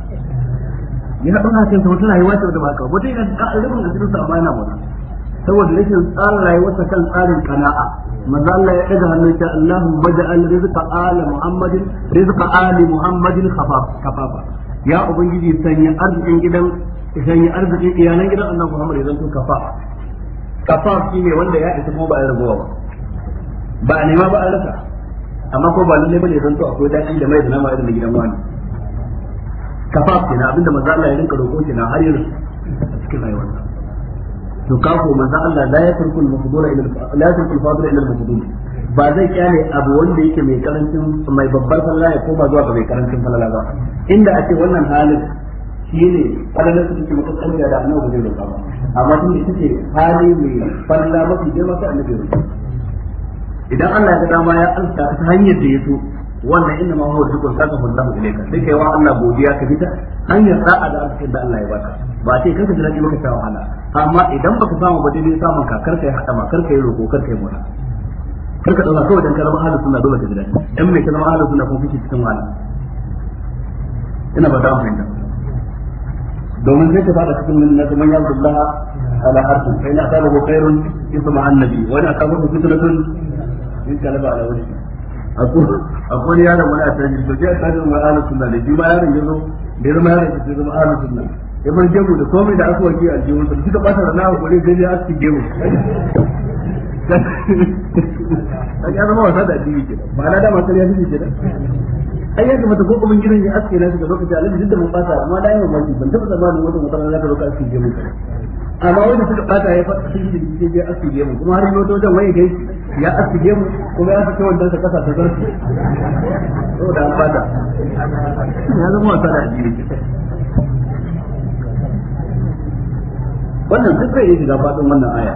Speaker 1: ya haɗu na kai mutum wata rayuwa ce da ba ka wata yana da su asirin sa a bayan maula saboda rashin tsara rayuwarsa kan tsarin kana'a maza Allah ya daga hannun ta Allahumma ja'al rizqa ali Muhammadin rizqa ali Muhammadin kafafa ya ubangiji sanya arzikin gidan sanya arzikin iyalan gidan Annabi Muhammad ya zanto kafafa kafafa shine wanda ya isa kuma ba ya ragowa ba ba a nema ba a rasa amma ko ba lalle bane zanto akwai daɗi da mai da nama irin gidan wani kafafa kenan abinda maza Allah ya rinka roƙo kenan har yanzu a cikin rayuwarsa to ka ko manzo Allah la yatruku al-mahdura ila la yatruku al-fadila ila al-mahdud ba zai kyale abu wanda yake mai karancin mai babbar sallah ya koma zuwa ga mai karancin sallah ba inda ake wannan halin shine kalala su take maka tsanga da annabi zai roƙa ba amma tun ita ce hali mai falla mafi girma sai annabi idan Allah ya ga dama ya alka ta hanyar da ya so wannan inna ma huwa zikr saka Allahu ilayka sai kai wa Allah godiya ka bi ta hanyar sa'a da da Allah ya baka ba sai kanka jira maka ta wahala amma idan baka samu ba dai samun ka karka yi hadama karka yi roko karka yi mura karka dauka kawai dan karama ahlus sunna dole ka jira dan mai kalma ahlus ko kike cikin wahala ina ba ta fahimta domin sai ka fada cikin nan na kuma ya Abdullah ala khairun isma annabi fitnatun in kalaba ala wajhi akwai yaron wani to yaron ya zo da ya zama yaron ya zama ya bar gemu da komai da aka a jiwon sa suka a gemu ya zama wasa da ke ba na dama sai ya fi ke da ai ya kamata ko kuma gidan ya aski na shi ga lokaci alaji duk da mun bata amma da yawan maki ban taba zamanin wata mutane za ta a gemu amma wanda suka bata ya fata sun shi da ya asige mu kuma har yau wajen waye gai ya asige mu kuma ya fice wannan ta kasa ta zarfi to da fata
Speaker 2: ya zama wasa da addini
Speaker 1: wannan duk zai yi shiga fadin wannan aya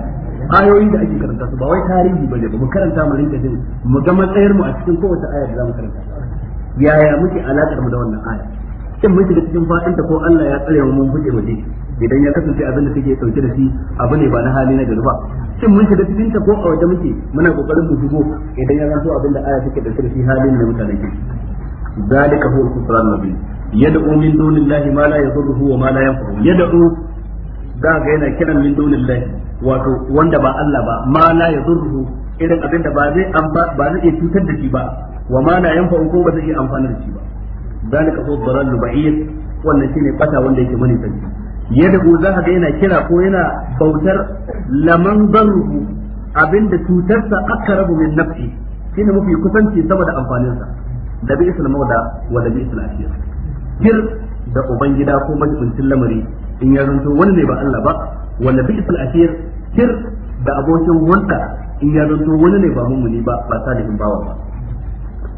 Speaker 1: ayoyi da ake karanta su ba wai tarihi ba ne ba mu karanta mu rinka jin mu ga matsayar mu a cikin kowace aya da za mu karanta yaya muke alakar mu da wannan aya shin mun shiga cikin fatan ta ko Allah ya tsare mu mun fice mu dai idan ya kasance abin da take dauke da shi abu ne ba na hali na gari ba shin mun shiga cikin ta ko a waje muke muna kokarin mu shigo idan ya zanto abin da aya take dauke da shi halin na mutanen ke zalika huwa al-qur'an nabi yad'u min dunillahi ma la yadurruhu wa ma la yanfa'u yad'u za ga yana kiran min dunillahi wato wanda ba Allah ba ma la yadurruhu irin abin da ba zai ba zai iya cutar da shi ba wa ma la yanfa'u ko ba zai iya amfana da shi ba zalika huwa ad-dalal wannan shine bata wanda yake mani sanci ko za ga yana kira ko yana bautar laman darru abinda cutarsa akarabu min nafsi shine mafi kusanci saboda amfaninsa da bi isla mawda wa da bi isla asir kir da ubangida ko majibincin lamari in ya zanto wani ne ba Allah ba wa da bi isla asir kir da abokin wanda in ya zanto wani ne ba mummuni ba ba salihin bawa ba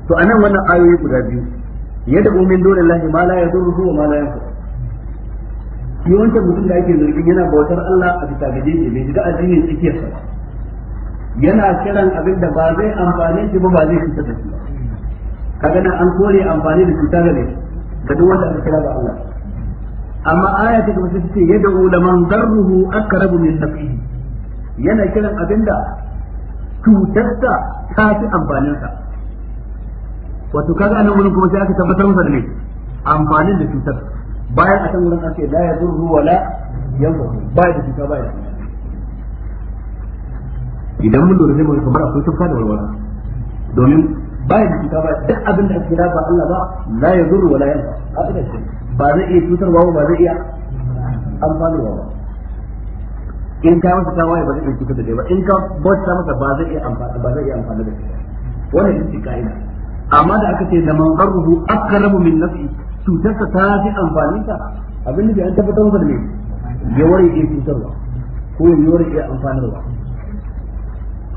Speaker 1: to anan wannan ayoyi guda biyu yad'u min dunillahi ma la yadurruhu wa ma la yanfa'u shi wancan mutum da ake zargin yana bautar Allah a bisa gaje ne bai shiga addinin tsakiyarsa sa yana kiran abin da ba zai amfani shi ba ba zai cutar da shi kaga na an kore amfani da cuta ga ne ga duk wanda aka kira Allah amma aya ta gaba ta ce yad'u laman darruhu aqrabu min nafsihi yana kiran abin da cutarsa ta fi amfaninsa wato kaga nan wurin kuma sai aka tabbatar masa da ne amfanin da cutarsa bayan a kan wurin ake la ya zurru wa la yanzu ba da cuta ba da idan mun lura zai mu kamar akwai tufka da walwala domin ba da cuta ba duk abin da ake ba Allah ba la ya zurru ruwa la yanzu ba zai iya cutarwa ba zai iya amfani ba in ka masa waye ba zai iya cutar da kai ba in ka bauta masa ba zai iya amfani ba zai iya amfani da kai wannan ita ka'ida amma da aka ce da man darruhu aqrabu min nafsi cutarsa ta fi amfaninta abin da an tabbatar da ne ya ware iya cutarwa ko ya ware iya amfanarwa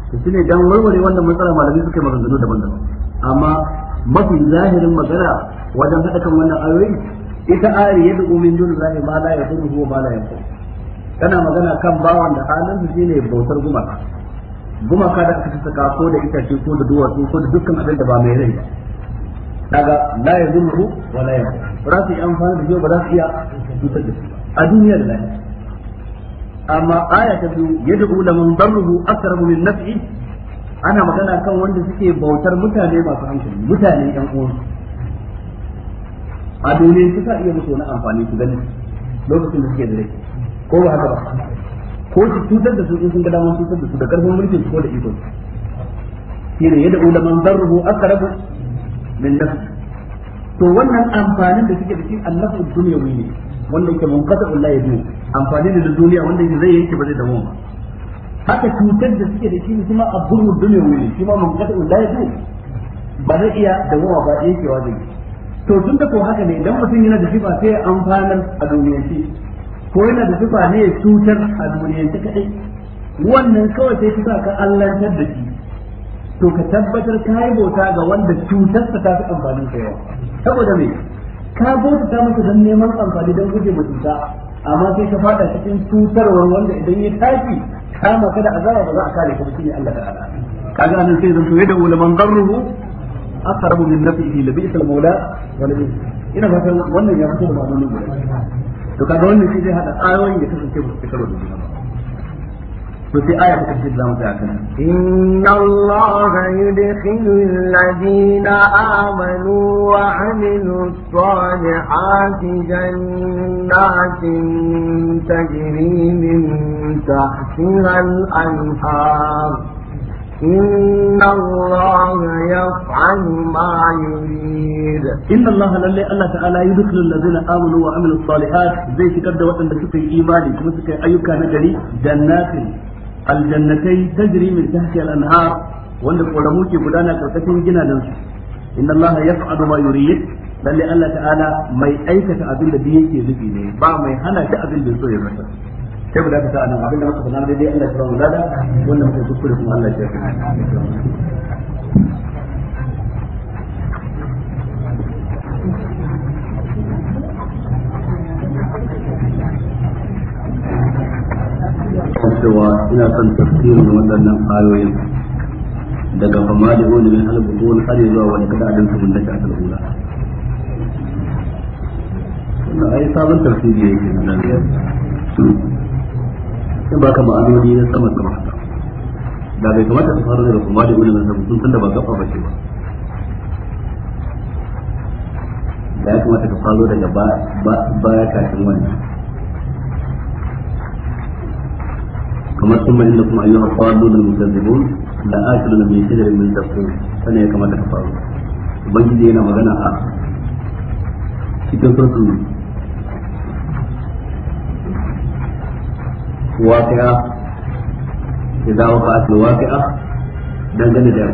Speaker 1: su shine dan warware wannan matsala malamai suke maganganu daban-daban amma mafi zahirin magana wajen haɗa kan wannan ayoyi ita ayar yadda umin dun zai ma la ya dubu ba ma la ya kana magana kan bawan da halin su shine bautar gumaka gumaka da aka saka ko da ce ko da duwatsu ko da dukkan abin da ba mai rai ba kaga la ya wa la ya ba su yi amfani da jiyo ba za su iya cutar da su a duniya da lafiya amma aya ta biyu ku lamun darruhu aqrabu min naf'i ana magana kan wanda suke bautar mutane masu hankali mutane yan uwan a duniya su ka iya musu wani amfani su gani lokacin da suke da rai ko ba haka ba ko su cutar da su in sun ga damar cutar da su da karfin mulkin ko da iko yadda yad'u lamun darruhu aqrabu min nafsi to wannan amfanin da suke da shi annafu dunyawi ne wanda yake munqata'un la yadu amfani da duniya wanda yake zai yake ba zai dawo ba haka cutar da suke da shi kuma abdurru dunyawi ne kuma munqata'un ba zai iya to tun da ko haka ne idan mutum yana da shi ba sai amfanar a duniyance ko yana da sifa ne cutar a duniyance kadai wannan kawai sai ka ka allantar da shi to ka tabbatar ka yi bauta ga wanda cutar ta fi amfanin ka yawa saboda me ka bauta ta masa don neman amfani don guje ma cuta amma sai ka fada cikin cutarwar wanda idan ya tafi kama ka da azaba ba za a kare ka shine Allah ta'ala kaga nan sai zan to yadda ulaman garruhu aqrabu min nafihi la bi'sa al-maula wa la ina ba wannan ya fito da ma'amalin guda to kaga wannan shi zai hada ayoyin da kasance ba su karo da juna وفي آية تكفيد لهم
Speaker 3: إن الله يدخل الذين آمنوا وعملوا الصالحات جنات تجري من تحتها الأنهار إن الله يفعل ما يريد إن الله لله الله تعالى يدخل
Speaker 1: الذين آمنوا وعملوا الصالحات زي تكدوا أن تكون إيماني كما تكون أيوكا نجري جنات aljannatai tajri min tahtiha al-anhar wanda koramu ke gudana karkashin ginanan su inna allaha yaf'alu ma yurid lalle Allah ta'ala mai aikata abin da yake zubi ne ba mai hana shi abin da so ya masa sai guda ta nan abin da muka faɗa dai Allah ya ba mu lada wannan mutum kuskure kuma Allah ya yarda ina son tafsirin waɗannan ayoyin daga fama da wani min halbutun har zuwa wani kada adin sabon da ta al'ula na ai sabon tafsiri yake nan sai baka ma'anoni na sama sama da bai kamata su fara daga fama da wani min halbutun tunda ba gafa ba ce ba da ya kamata ka falo daga baya kafin wannan kamar sun mai inda kuma ayyuka kwallo da mutazzibun da asirin da mai shirin min tafsir sana ya kamata ka faru ubangiji yana magana a cikin ya surtu waqi'a idza waqa'at waqi'a dangane da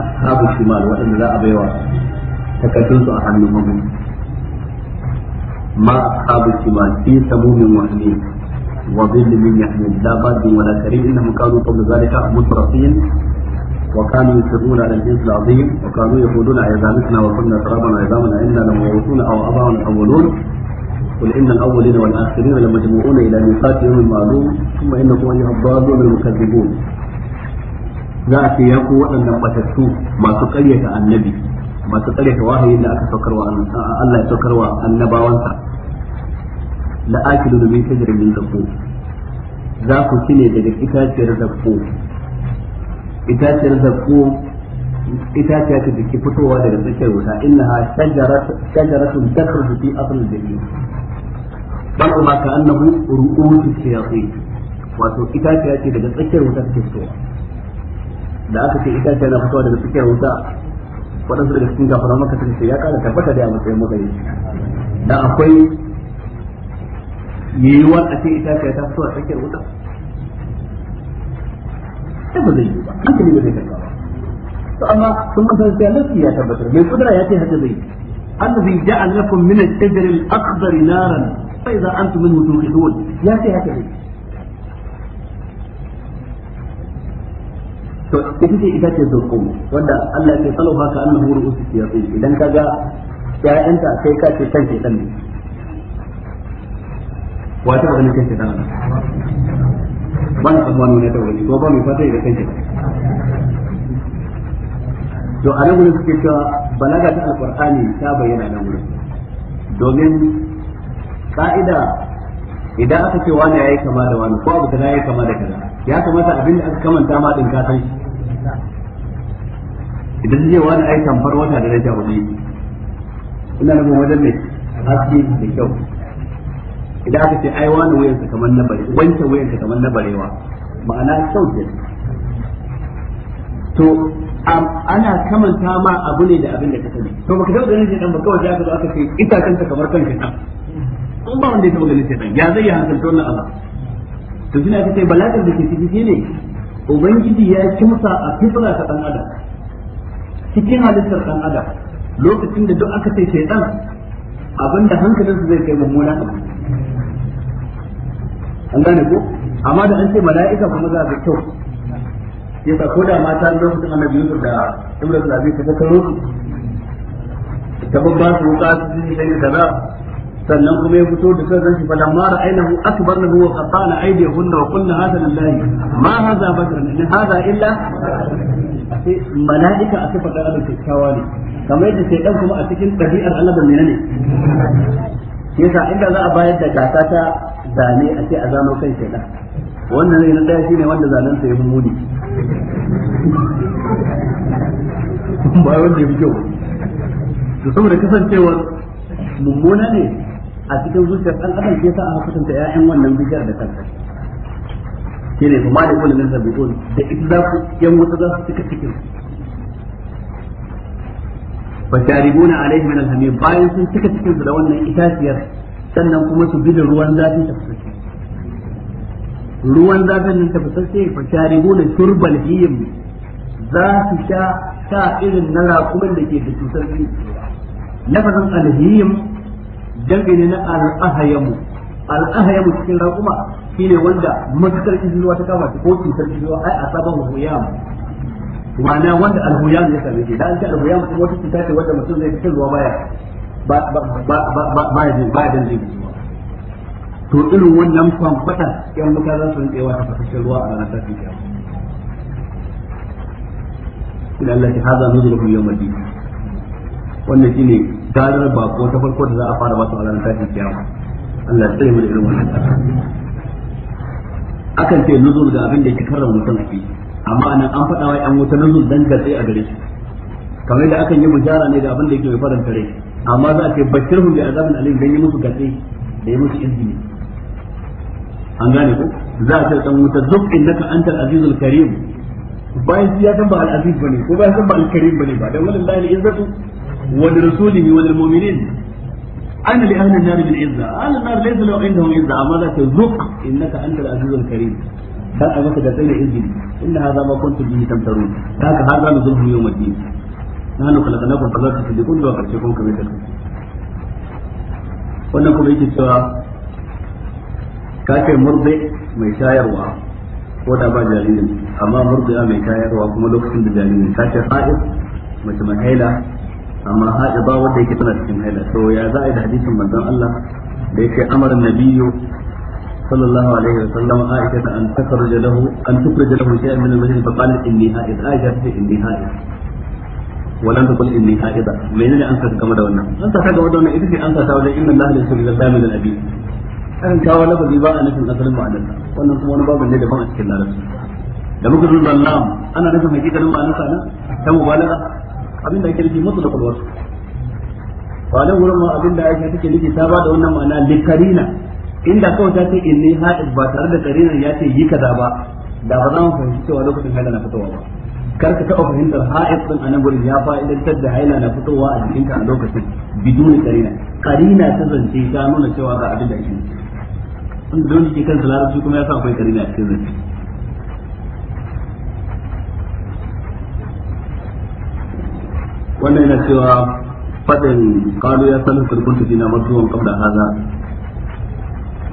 Speaker 1: ashabu shimal waɗanda za a baiwa su a hannun hagu ma a sabu ashabu shimal fi samumin wahmin وظل من يحمل لا بارد ولا كريم انهم كانوا قبل ذلك مترفين وكانوا يصرون على الجنس العظيم وكانوا يقولون اذا متنا وكنا ترابا عظاما انا لموروثون او اباؤنا الاولون قل ان الاولين والاخرين لمجموعون الى ميقات يوم معلوم ثم انكم ايها الضالون المكذبون za a ce ya ku waɗannan batattu masu ƙaryata annabi masu ƙaryata wahayin da aka saukarwa Allah ya saukarwa annabawansa la akiluna min shajarin min zaqqum za ku ci ne daga itaciyar zaqqum itaciyar zaqqum itaciya ta ke fitowa daga tsakiyar wuta innaha shajaratun takhruju fi asl al-jahim bal ma ka'annahu ru'usu shayatin wato itaciya ce daga tsakiyar wuta take fitowa da aka ce itaciya na fitowa daga tsakiyar wuta waɗansu daga cikin gafaran maka sun ce ya ƙara tabbata da ya matsayin matsayi da akwai me yiwa a ce ita ka ta fito a tsakiyar wuta ta ba zai yi ba hankali ba zai karɓa ba to amma sun mutum sai lafi ya tabbatar mai kudura ya ce haka zai allazi ja'al lakum min al-tajr al-akhdar naran fa idza antum minhu tuqidun ya ce haka zai to ita ce ita ce zurqu wanda Allah ya ce salahu haka annahu ru'usu shayatin idan kaga ya'yanta sai ka ce kan shaytan ne
Speaker 2: wa ta ganin kan shaitan
Speaker 1: ba na tsammani na tawo ko ba mai fata da kan shaitan to a nan gurin suke cewa balaga ta alqur'ani ta bayyana nan gurin domin ka'ida idan aka ce wani yayi kama da wani ko abu kaza yayi kama da kaza ya kamata abin da aka kamanta ma din ka san shi idan zai wani ai tamfar wata da rage abu ne ina nufin wajen mai haske da kyau idan aka ce ai wani wayan ka kamar na bare wanke wayan ka kamar na barewa ma'ana kyau ce to ana kamanta ma abu ne da abin da ka sani to baka dauka ganin shedan ba kawai sai aka zo aka ce ita kanta kamar kan ta in ba wanda ya taba ganin shedan ya zai ya hankalta na Allah to shi ne aka ce balagar da ke ciki ne, ubangiji ya kimsa a fitra ta dan adam cikin halittar dan adam lokacin da duk aka ce shedan abinda hankalinsa zai kai mummunan abu an gane ko amma da an ce mala'ika kuma za ga kyau yasa ko da mata lokacin annabi Yusuf da Ibrahim da Abi ta karo ta babba su wuka su ji sai kaza sannan kuma ya fito da kansa shi falan mara ainihu akbar na huwa qatana aydihunna wa qulna hada lillahi ma hada bashar in hada illa sai malaika a cikin fadar Allah kyakkyawa ne kamar yadda sai dan kuma a cikin dabi'ar Allah da menene yasa inda za a bayar da gata ta zane a ce a zano kan shaidan wannan zai nan daya ne wanda zanen sa ya fi muni
Speaker 2: ba wanda ya fi kyau
Speaker 1: Da saboda kasancewar mummuna ne a cikin zuciyar ɗan adam ke sa a kusanta ƴaƴan wannan bishiyar da kanka shi ne kuma da kullum nan zabi da ita za ku yan wata za su cika cikin fasharibuna alaihi min alhamim bayan sun cika cikin su da wannan itaciyar sannan kuma su bi da ruwan zafi ta fasashe ruwan zafin nan ta fasashe fa sharibu na turbal hiyim za su sha sha irin na raƙumin da ke da cutar ne lafazin alhiyim dangi ne na al'ahayamu al'ahayamu cikin raƙuma shine wanda matukar izinuwa ta kama ko cutar izinuwa ai a sabon huyam ma'ana wanda alhuyam ya same shi da an ce alhuyam kuma wata cuta ce wanda mutum zai fitar ruwa baya ba ba ba ya ba ba da to irin wannan kwamfata yan wuta za su rinka ta fasashen ruwa a ranar tafi kiyama ina Allah ki haza nuzul kum yawmal din wannan shine garar bako ta farko da za a fara ba su a ranar tafi kiyama Allah ya tsare mu da irin wannan akan ce nuzul ga abin da ke karra mutum a amma anan an faɗa wa yan wuta nuzul dan gatse a gare su kamar da akan yi mujara ne ga abin da ke mai faranta rai amma za a ce bashirhum bi azabin alim dan yi musu gatsi da yi musu izini an gane ko za a ce dan wuta zuk ka antar azizul karim bayan ya san ba al-aziz bane ko bayan san ba al-karim bane ba dan wallahi al-izzatu wa rasulihi wa lil mu'minin ana li ahli an-nar bil izza ahli an-nar laysa lahu indahum izza amma za ta zuk ka antar azizul karim dan a maka da tsayin izini inna hadha ma kuntum bihi tamtarun haka har za mu zulhu yawm ad-din nahnu khalaqnakum fa la tusaddiqun wa qad kuntum kamil takum wannan kuma yake cewa ka kai murbe mai shayarwa ko da ba jaririn amma murdiya mai shayarwa kuma lokacin da jaririn ta ce ha'id mace mai haila amma ha'id ba wanda yake tana cikin haila to ya za a yi da hadisin manzon Allah da yake amara nabiyyu sallallahu alaihi wa sallam aisha an takhruja lahu an tukhrija lahu shay'an min al-majlis fa qalat inni ha'id aisha ta inni walan ta kulli inni haida menene an saka game da wannan an saka game da wannan ita ce an saka wajen inna allaha laysa bil zalimi lil abi an kawo lafazi ba a nufin asalin ma'anar wannan wani babu ne a cikin da muka zo da lam ana nufin hakikalin ma'anar sa ta mubalaga abinda ake nufi mutu da kulwarsu ba nan wurin ma abinda ake take nufi ta ba da wannan ma'ana likarina inda kawai ta ce ni haid ba tare da karinar ya ce yi kaza ba da ba za mu fahimci cewa lokacin haila na fitowa ba kar ka taɓa fahimtar ha'if din anan gurin ya fa'idantar da haila na fitowa a jikinka a lokacin biduni karina karina ta zance ta nuna cewa ga abin da ake da don ke kansa larabci kuma ya sa akwai karina a cikin zance wannan yana cewa fadin kalu ya sanin kurkunta dina masu kabda haza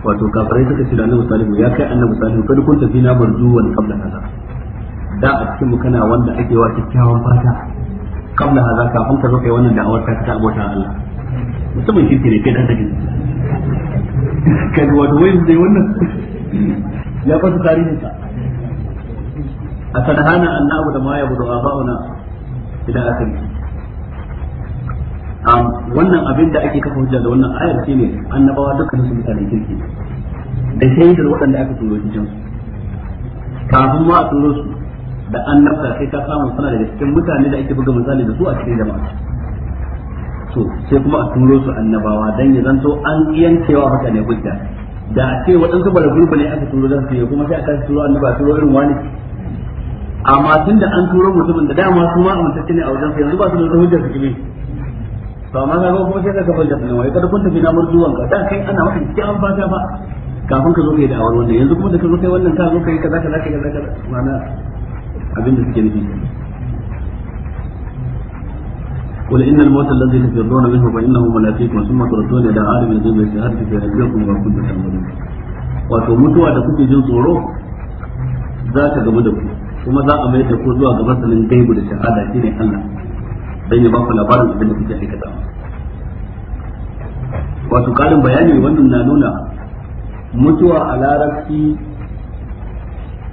Speaker 1: wato kafirai suka ce da annabi salihu ya kai annabi salihu kada kunta fina marjuwan kabla kaza da a cikin mu kana wanda ake wa kyakkyawan fata kamla haza kafin ka zo kai wannan da'awar ta ta abota Allah musamman shi ne kai dan da
Speaker 2: kai wato wai dai wannan ya fasa tarihin sa
Speaker 1: A asadhana annahu da ma yabudu aba'una ila A wannan abin da ake kafa hujja da wannan ayar shine annabawa dukkan su mutanen kirki da shaidar waɗanda aka turo cikin su kafin ma a turo su da an nafta sai ka samu suna daga cikin mutane da ake buga misali da su a cikin jama'a to sai kuma a turo su annabawa dan ya zanto an iyancewa mutane gudda da a ce waɗansu bala gurbi ne aka turo zan fiye kuma sai aka turo annaba turo irin wani amma tun da an turo mutumin da dama su ma amintacce ne a wajen sa yanzu ba su da hujjar su kimi to amma kaga kuma sai ka hujjar ne wai kada kun tafi na murduwan ka dan kai ana maka cikin fata ba kafin ka zo kai da awar wannan yanzu kuma da ka zo kai wannan ka zo kai kaza kaza kaza kaza ma'ana abin da suke nufi قل إن الموت الذي تفرون منه فإنه ملاقيكم ثم تردون إلى عالم الغيب والشهادة فينبئكم بما كنتم تعملون wato mutuwa da kuke jin tsoro za ta gamu da ku kuma za a mai da ku zuwa ga masanin gaibu da shahada shine Allah dan ya ba labarin da kuke aikata wato karin bayani wannan na nuna mutuwa a larabci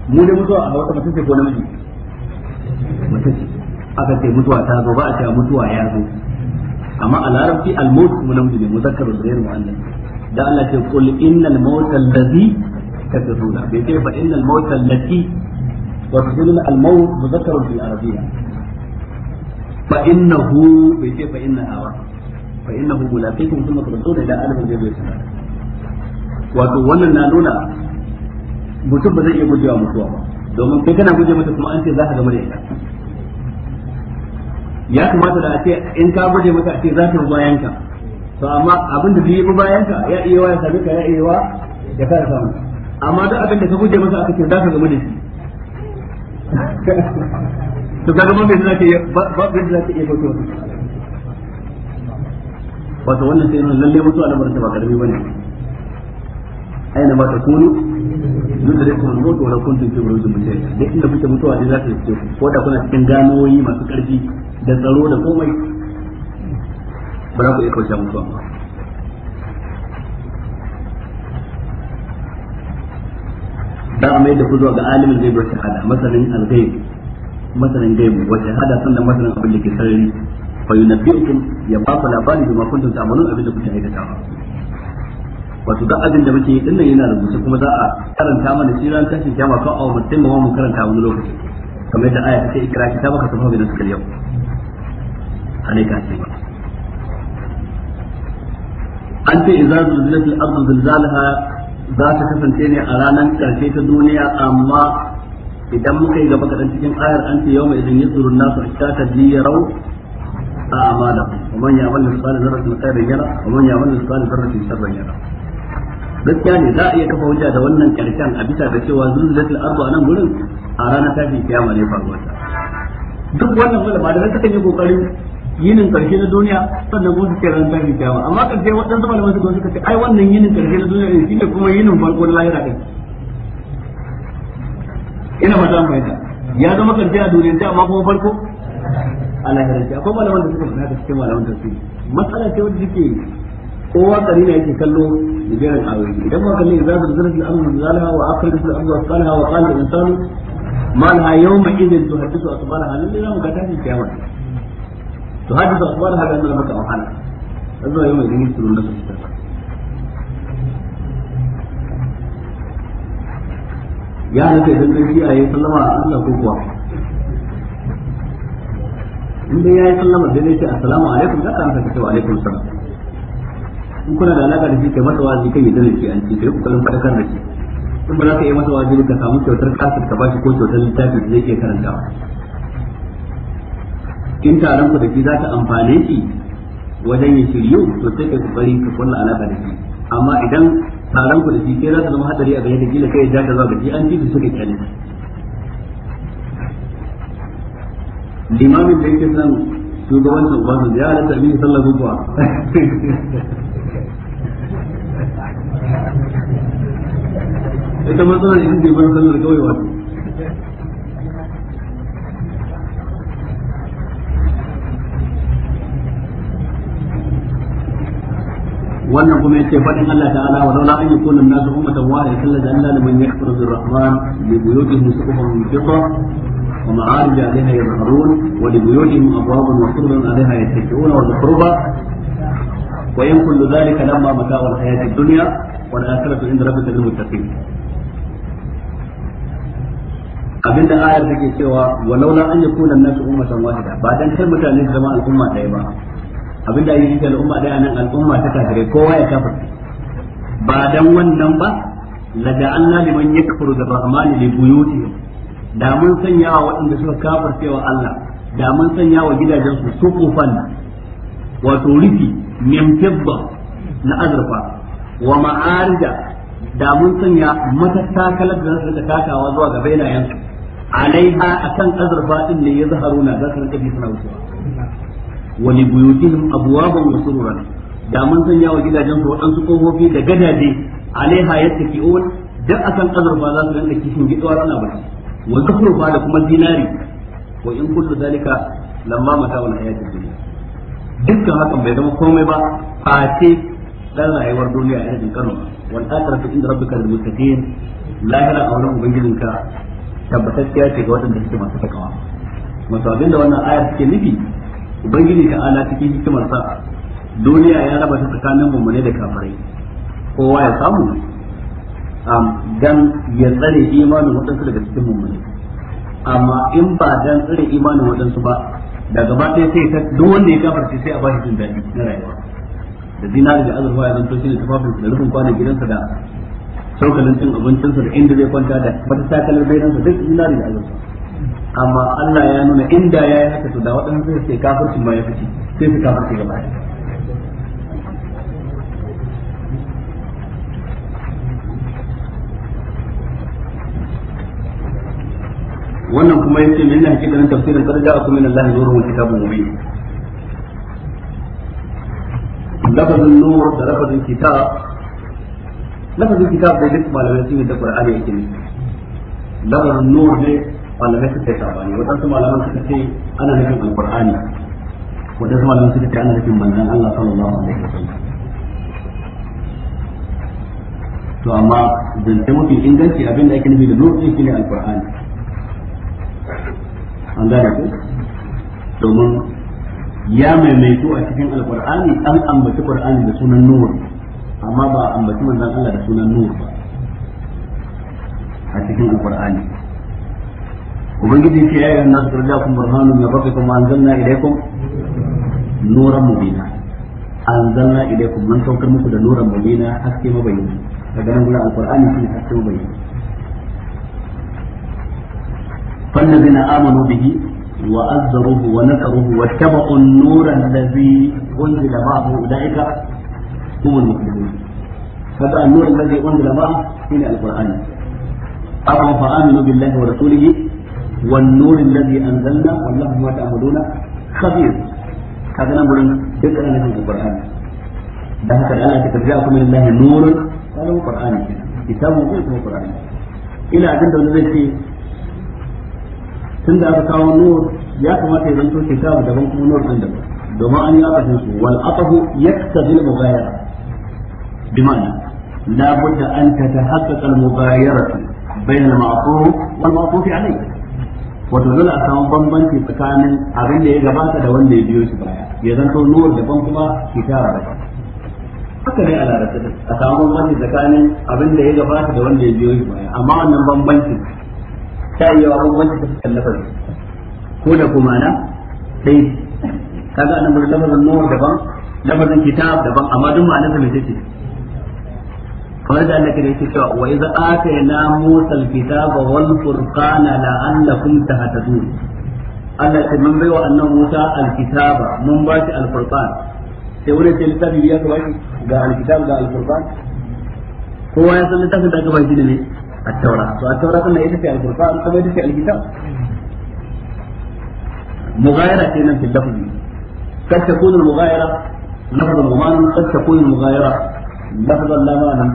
Speaker 1: mu da mutuwa a wata ko namiji mace ce aka ce mutuwa ta zo ba a cewa mutuwa ya zo amma a larabci al-maut kuma namiji ne muzakkar da yayin mu'annas da Allah ce qul innal mautal ladhi takfuruna bai ce fa innal mautal lati wa qulna al-maut muzakkar bil arabiyya fa innahu bai ce fa innaha ba fa innahu mulaqikum thumma turduna ila alim al-ghayb wato wannan na nuna mutum ba zai iya gujewa mutuwa ba domin kai kana guje mata kuma an ce za ka gama da ita ya kamata da a ce in ka guje mata a ce za ka bayan yanka to amma abin da bai bi bayan ka ya iya wa ya sami ka ya iya wa ya fara samu amma duk abin da ka guje masa aka ce za ka gama da shi to ka ba bai zaka ba bai zaka iya fito wato wannan sai nan lalle mutuwa lamarin ta ba karami bane aina ma takunu yudrikum al-maut wa law kuntum fi burujin mutai duk inda kuke mutuwa dai za ta riske ko da kuna cikin ganoyi masu karfi da tsaro da komai ba za ku iya kauce mutuwa ba za a mai da ku zuwa ga alimin zai wata hada masanin algaib masanin gaibu wata hada sannan masanin abin da ke sarari fa yunabbiukum ya ba ku labari da ma kuntum ta'malun abin da kuke aikata wato duk abin da muke yi din nan yana rubuce kuma za a karanta mana shi ran tashin kiyama ko a mutum ma mu karanta wani lokaci kamar yadda aya take ikra kitabaka tafa bi nasal yau alaika ce ba. an ce idza zulzilatil ardu zilzalaha za ta kasance ne a ranar karshe ta duniya amma idan muka yi gaba kaɗan cikin ayar an ce yau mai idan ya tsurun nasu a shata liyarau a amala wa man ya'mal misqala dharratin khairan yara wa man ya'mal misqala dharratin sharran yara gaskiya ne za a iya kafa hujja da wannan karshen a bisa da cewa zulzulatul ardu a nan gurin a ranar tashin kiyama ne faruwar ta duk wannan ba da suka yi kokarin yinin karshe na duniya sannan kuma suke ranar tashin kiyama amma karshe waɗansu malaman su suka ce ai wannan yinin karshe na duniya ne shine kuma yinin farko na lahira ɗin ina fata mai da ya zama karshe a duniya amma kuma farko a lahira akwai malaman da suka faɗa da cikin malaman tafsiri matsala ce wadda take kowa karina yake kallo da jiran ayoyi idan ba kalli za su zurfi al'amur zalaha wa akhrijat al-ardu asqalaha wa qala al-insanu ma laha yawma idhin tuhaddisu asbalaha lalle zamu ga tashin kiyama tuhaddisu asbalaha da annabi maka wahala azza yawma idhin yusrun nasu ya haka idan dan shi ayi sallama a Allah ko kuwa in dai yayi sallama dai ne ce assalamu alaikum da kan ka ce wa alaikum salam in kuna da alaka da shi kai masa wazi kai ya dana shi an ce kai kokarin fadakar da shi in ba za ka yi masa wazi ka samu kyautar kasar ka bashi ko kyautar littafi da zai iya ba in taron ku da shi za ta amfane shi wajen ya shiryu to sai kai kokari ka kulla alaka da shi amma idan taron ku da shi sai za ta zama hadari a gare da gila kai ya ta zuwa ga shi an ji su suka kyale limamin da yake san shugabancin ubansa ya halatta amini sallar zuwa
Speaker 2: ita ma tana yin
Speaker 1: da ban sallar kawai wannan kuma yace fadin Allah ta'ala wa laula an yakuna an-nasu ummatan wahidatan la ja'alna liman yakfuru bir-rahman li buyutihim suqufan min fidda wa ma'arij 'alayha yadhharun wa li buyutihim abwaban wa sururan 'alayha yattakئون wa zukhrufa wa yakun kullu dhalika lamma mata'a al-hayati ad-dunya wa al akhiratu 'inda rabbika lil muttaqin abinda ayar take cewa walaula an yakuna an-nasu ummatan wahida ba dan kai mutane su zama al'umma ɗaya ba abinda yake cewa al'umma ɗaya nan al'umma ta kafire kowa ya kafirce ba dan wannan ba la ja'alna liman yakfuru bir rahmani li buyutihim da mun sanya wa waɗanda suka kafirce wa Allah da mun sanya wa gidajen su suqufan wato rufi min fidda na azurfa wa ma'arija da mun sanya matattakalar da za su takawa zuwa ga bainayensu alaiha akan azurfa din ne ya zaharuna za ka rinka bi suna wucewa wani buyutihim abwaban wa sururan da mun sanya wa gidajen su waɗansu kofofi da gadaje alaiha yattaki'un duk akan azurfa za su rinka kishin gidawa suna bacci wa zuhrufa da kuma dinari wa in kullu zalika lamma mata'ul hayatid dunya dukkan hakan bai zama komai ba face dan rayuwar duniya a yanzu kano wal akhiratu inda rabbika lil muttaqin lahira a wurin ubangijinka tabbatacciya ce ga waɗanda suke masu takawa masu abin da wannan ayar suke nufi ubangiji ta ala cikin hikimar sa duniya ya raba ta tsakanin mummune da kafirai kowa ya samu dan ya tsare imanin waɗansu daga cikin mummune amma in ba dan tsare imanin waɗansu ba daga ba sai ta duk wanda ya kafarci sai a bashi jin daɗi na rayuwa da zinari da azurfa ya zanto shi ne tufafin da rufin kwanan gidansa da saukalin cin abincinsa da inda zai kwanta da wata takalar bayanansa duk zinari da azurfa amma Allah ya nuna inda ya yi haka to da waɗansu sai sai kafircin ma ya fice sai su kafirce gaba ɗaya wannan kuma yace min na hakikanin tafsirin karja aku min Allah nuru wa kitabun mubin lafazin nur da lafazin kitab lafazin kitab da duk malamai sun yi da qur'ani yake ne lafazin nur ne malamai suka yi sabani wadansu malaman suka ce ana nufin alqur'ani wadansu malaman suka ce ana nufin manzon Allah sallallahu alaihi wasallam to amma zance mafi inganci abin da ake nufi da nur din shine alqur'ani an gane ko domin ya maimaitu a cikin alqur'ani an ambaci qur'ani da sunan nur amma ba a ambaci manzon Allah da sunan nur ba a cikin alqur'ani ubangiji ce ya ayyuhan nasu rajakum burhanu min rabbikum anzalna ilaykum nuran mubina anzalna ilaykum man saukar muku da nuran mubina haske mabayyana daga nan gura alqur'ani shi haske mabayyana فالذين آمنوا به وأزروه ونكروه واتبعوا النور الذي أنزل معه أولئك هم المفلحون هذا النور الذي أنزل معه هنا القرآن أما فآمنوا بالله ورسوله والنور الذي أنزلنا والله ما تعملون خبير هذا نقول ذكر لكم القرآن ده هكذا الآن ترجعكم من الله نور هذا هو قرآن كتاب مبين هو قرآن إلى أجل ده الذي في tun da aka kawo nur ya kamata ya zanto kitabu daban kuma nur ɗin daban domin an yi aka su wal aqahu yaktabil mughayara بمعنى لا بد أن تتحقق المغايرة بين المعطوف والمعطوف عليه وتدل أسام بمبن في تكامل أبين لي جبات دوان بايا يزن تو نور دبن كما كتابة haka ne a larabci a samu bambanci tsakanin abin da ya gabata da wanda ya biyo shi baya amma wannan bambanci ta yi yawa bambanci ta fuskar lafazi ko da kuma na sai kaga annabi lafazin nuwar daban lafazin kitab daban amma duk ma'anar sa mai take kamar da Allah kare yake cewa wa idza atayna Musa al-kitaba wal furqana la'allakum tahtadun Allah ce mun baiwa annabi Musa al-kitaba mun ba shi al-furqan sai wani ce littafin ya ka bashi ga al-kitab ga al-furqan kowa ya san littafin da aka bashi ne at-taura to at-taura kuma ita ce al-furqan kuma ita ce al-kitab مغايرة في اللفظ قد تكون المغايرة لفظا ومعنى قد تكون المغايرة لفظا لا معنى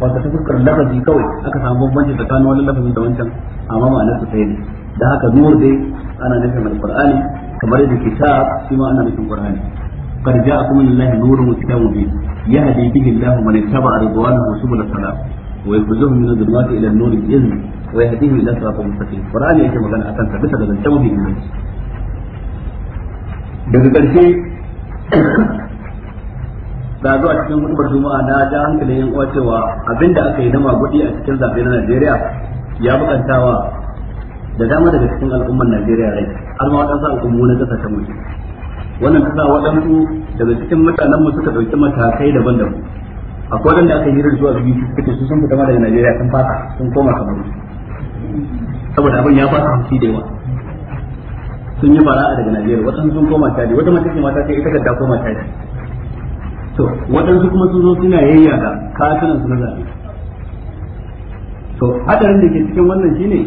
Speaker 1: wato ta fuskar lafazi kawai aka samu bambanci tsakanin wani lafazin da wancan amma ma'anar su sai ne da haka nur dai ana nufin alqur'ani kamar yadda kitab shi ma ana nufin qur'ani قد جاءكم من الله نور وكتاب مبين يهدي به الله من اتبع رضوانه سبل السلام ويخرجهم من الظلمات الى النور باذنه ويهديه الى صراط مستقيم قران yake magana akan sa bisa daga zancen mafi daga ƙarshe da zuwa cikin hudubar juma'a na ja hankalin yan uwa cewa abinda aka yi na magudi a cikin zaɓe na Najeriya ya bukantawa da dama daga cikin al'ummar Najeriya rai har ma wadansu al'ummu na kasa ta mutu wannan kasa waɗansu daga cikin mutanen mu suka dauki matakai daban-daban akwai wadanda aka yi zuwa biyu suka su sun fita ma daga Najeriya sun fasa sun koma kamar saboda abin ya fasa su da yawa sun yi fara'a daga Najeriya waɗansu sun koma tadi wata mace ce mata ce ita ta koma tadi to waɗansu kuma sun zo suna yayya da katunan su na zaɓe to hadarin da ke cikin wannan shine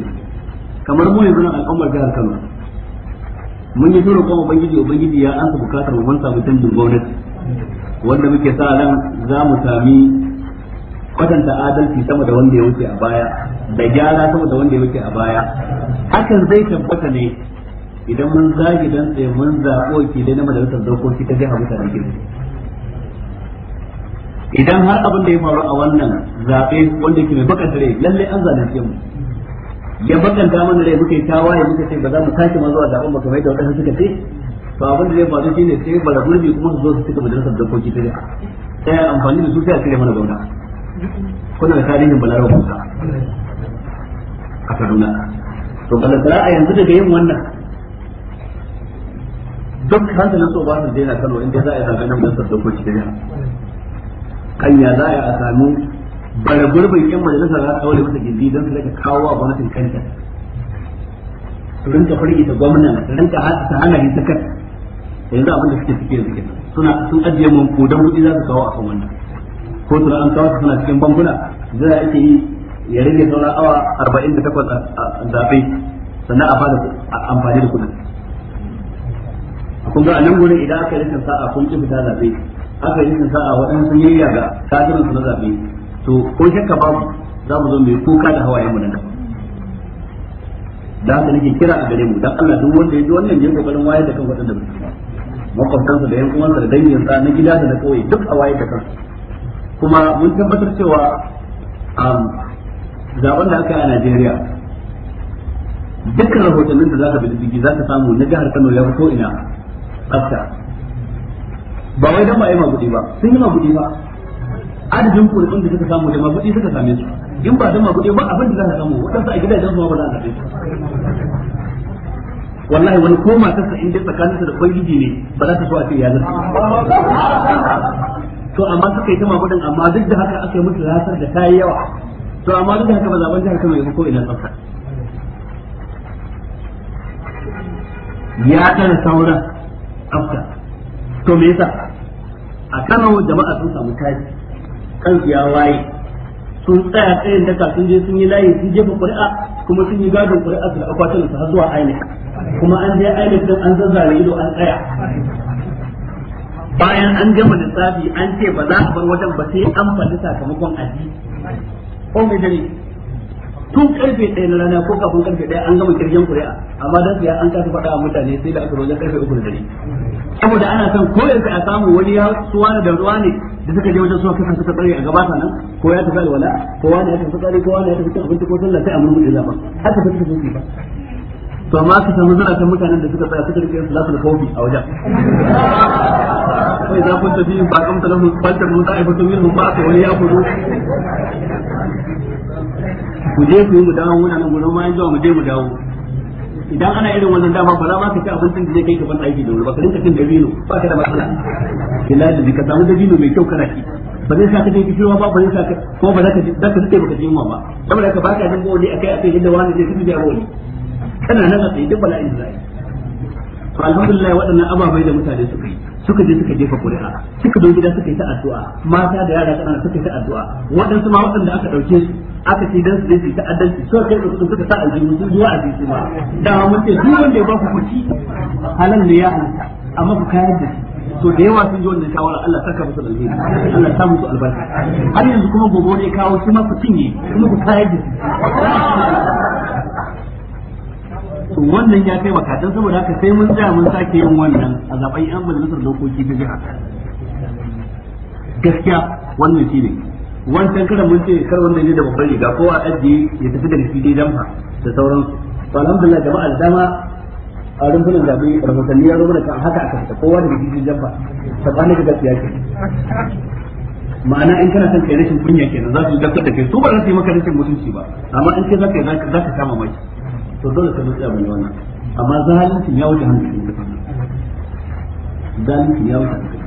Speaker 1: kamar mu yanzu nan al'ummar jihar Kano mun yi tura kuma ubangiji ubangiji ya ansa bukatar mu mun samu canjin gwamnati wanda muke sa ran za mu sami kwatanta adalci sama da wanda ya wuce a baya da gyara sama da wanda ya wuce a baya hakan zai tabbata ne idan mun zagi dan tsaye mun zaɓo ki dai na majalisar dokoki ta jiha mutane kirki idan har abin da ya faru a wannan zaɓe wanda ke mai bakanta rai lallai an zalunce mu ya bakanta mana rai muka yi tawaye muka ce ba za mu tashi ma zuwa zaɓen ba kamar yadda waɗansu suka ce to abin da zai faru shine sai bara gurbi kuma su zo su cika majalisar dokoki ta sai amfani da su sai a cire mana gauna kuna da tarihin balarar kusa a kaduna to balantana a yanzu daga yin wannan duk hankalin so ba su daina kano inda za a yi zaɓe nan majalisar dokoki ta jiha kan ya za a sami bara yan majalisa za a kawo masa gindi don su daga kawo a gwamnatin kanta su rinka ta gwamnan su rinka ta hana yi sakat yanzu abin da suke suke suke suna sun ajiye mun kudan kudi za su kawo a kan wannan ko su an kawo su suna cikin bankuna za a ake yi ya rage sauran awa arba'in da takwas a zaɓe sannan a fada amfani da a kun ga a nan gurin idan aka rikin sa'a kun ƙi fita zaɓe aka yi sa'a waɗansu yayya ga kafirin su na zabe to ko shakka babu za mu zo mai kuka da hawayen mu nan da haka nake kira a gare mu dan Allah duk wanda ya ji wannan ya kokarin wayar da kan waɗanda ba makwabtansa da yan uwansa da dangin sa na gida da na kauye duk a wayar da kan kuma mun tabbatar cewa um, zaben da aka yi a Najeriya dukkan rahotannin da za ka bi da za ka samu na jihar Kano ya fito ina tsafta ba wai dan ba yi magudi ba sun yi magudi ba adadin kurkun da suka samu da magudi suka same su in ba dan magudi ba abin da za ka samu wadansu a gidajen su ba za a same su wallahi wani koma matarsa inda tsakanin su da ubangiji ne ba za ta so a ce ya zarta to amma suka yi ta magudin amma duk da haka aka yi musu rasar da ta yi yawa to amma duk da haka ba zaben jihar Kano ya ko ina tsafta ya tana sauran tsafta to me yasa a Kano jama'a sun samu tashi kan ya waye sun tsaya tsayin daka sun je sun yi layi sun jefa ƙuri'a kuma sun yi gadon ƙuri'a su da akwatin su har zuwa INEC kuma an je INEC don an zazzare ido an tsaya bayan an gama lissafi an ce ba za a bar wajen ba sai an faɗi sakamakon aji ko me dare tun karfe ɗaya na rana ko kafin karfe ɗaya an gama kirgin ƙuri'a amma dan siya an kasa faɗa a mutane sai da aka karfe uku da dare
Speaker 2: saboda ana son ko
Speaker 1: yanzu a samu wani ya suwa da ruwa ne da suka je wajen suwa kasan suka tsare a gabata nan ko ya tafi alwala ko wani ya tafi tsare ko wani ya tafi abinci ko sallah sai a murmur da ba haka fa take ba to amma ka samu zaratan mutanen da suka tsaya suka rike da kofi a wajen sai za ku tafi ba kam talahu balta mun da ibatu mun ba ta wani ya kudu ku je ku yi mu dawo nan gudun ma yanzu mu je mu dawo idan ana irin wannan dama ba za ma ka ci abincin da zai kai ka ban aiki da wuri ba ka rinka cin dabino ba ka da matsala kila da ka samu dabino mai kyau kana ci ba zai sa ka je kishirwa ba ba zai sa ka kuma ba za ka za ka baka ji yunwa ba da ka baka jin bawali akai akai yadda wani zai tafi da bawali kana nan a tsaye duk bala'in zai to alhamdulillah waɗannan ababai da mutane suka yi suka je suka jefa kuri'a suka zo gida suka yi ta addu'a mata da yara kana suka yi ta addu'a waɗansu ma waɗanda aka ɗauke su aka ce dan su je su yi ta'addanci suka kai su suka sa aljihu su zuwa aljihu su ma da mun ce duk wanda ya ba ku kuci halan ne ya halitta amma ku kayar da shi to da yawa sun ji wannan shawara Allah saka musu alheri Allah sa musu albarka har yanzu kuma gobe ne kawo shi ma ku cinye kuma ku kayar da shi to wannan ya kai dan saboda haka sai mun tsaya mun sake yin wannan a zaben yan majalisar dokoki ta jiha gaskiya wannan shi ne wancan karan mun ce kar wanda ne da babban riga kowa ajiye ya tafi da shi dai jamfa da sauransu to alhamdulillah jama'a da dama a rumfunan zaɓe rahotanni ya zo mana kan haka aka fita kowa da jijin jamfa tsakanin ga gaskiya ke ma'ana in kana son kai rashin kunya kenan za su yi da kai su ba za su yi maka rashin mutunci ba amma in ce za ka za ka kama maki to dole ka zuciya mai wannan amma zalincin ya wuce hankali zalincin ya wuce hankali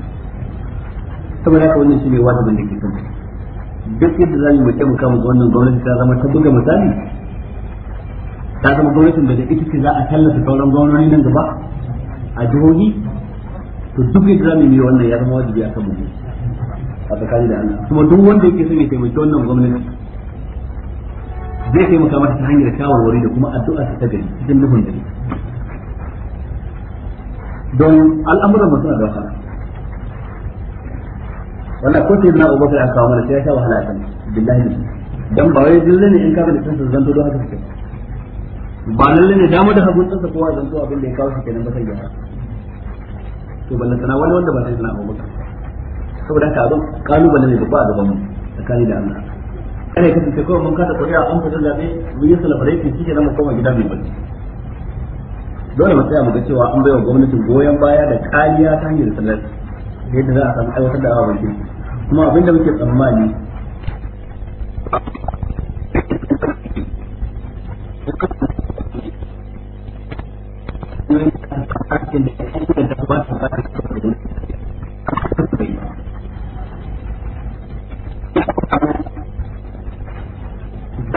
Speaker 1: saboda haka wannan shine wajibin da ke kan duk yadda zamu mu taimaka mu wannan gwamnati ta zama ta buga misali ta zama gwamnatin da ita ce za a tallata sauran gwamnoni nan gaba a jihohi to duk yadda zamu yi wannan ya zama wajibi a kan mu a tsakani da Allah kuma duk wanda yake son ya taimaki wannan gwamnati zai taimaka mata ta hanyar shawarwari da kuma addu'a ta gari cikin nufin gari don al'amuran masu na wahala wanda ko sai na ubakar aka kawo mana sai ya sha wahala kan billahi dan ba wai dole ne in ka ga tsansa zanto don haka kake ba lalle ne damu da hagun tsansa kowa zanto abin da ya kawo shi kenan ba sai ya to ballan sana wani wanda ba sai na ubakar saboda haka abin kalubale ne babba a gaban mu tsakani da Allah kada ka tace kawai mun kada kuri'a an fita zabe mu yi celebration ke nan mu koma gida mai bacci dole mu tsaya mu ga cewa an wa gwamnatin goyon baya da kariya ta hanyar sallar yadda za a samu aiwatar da awa bakin kuma da muke tsammani
Speaker 2: Thank you.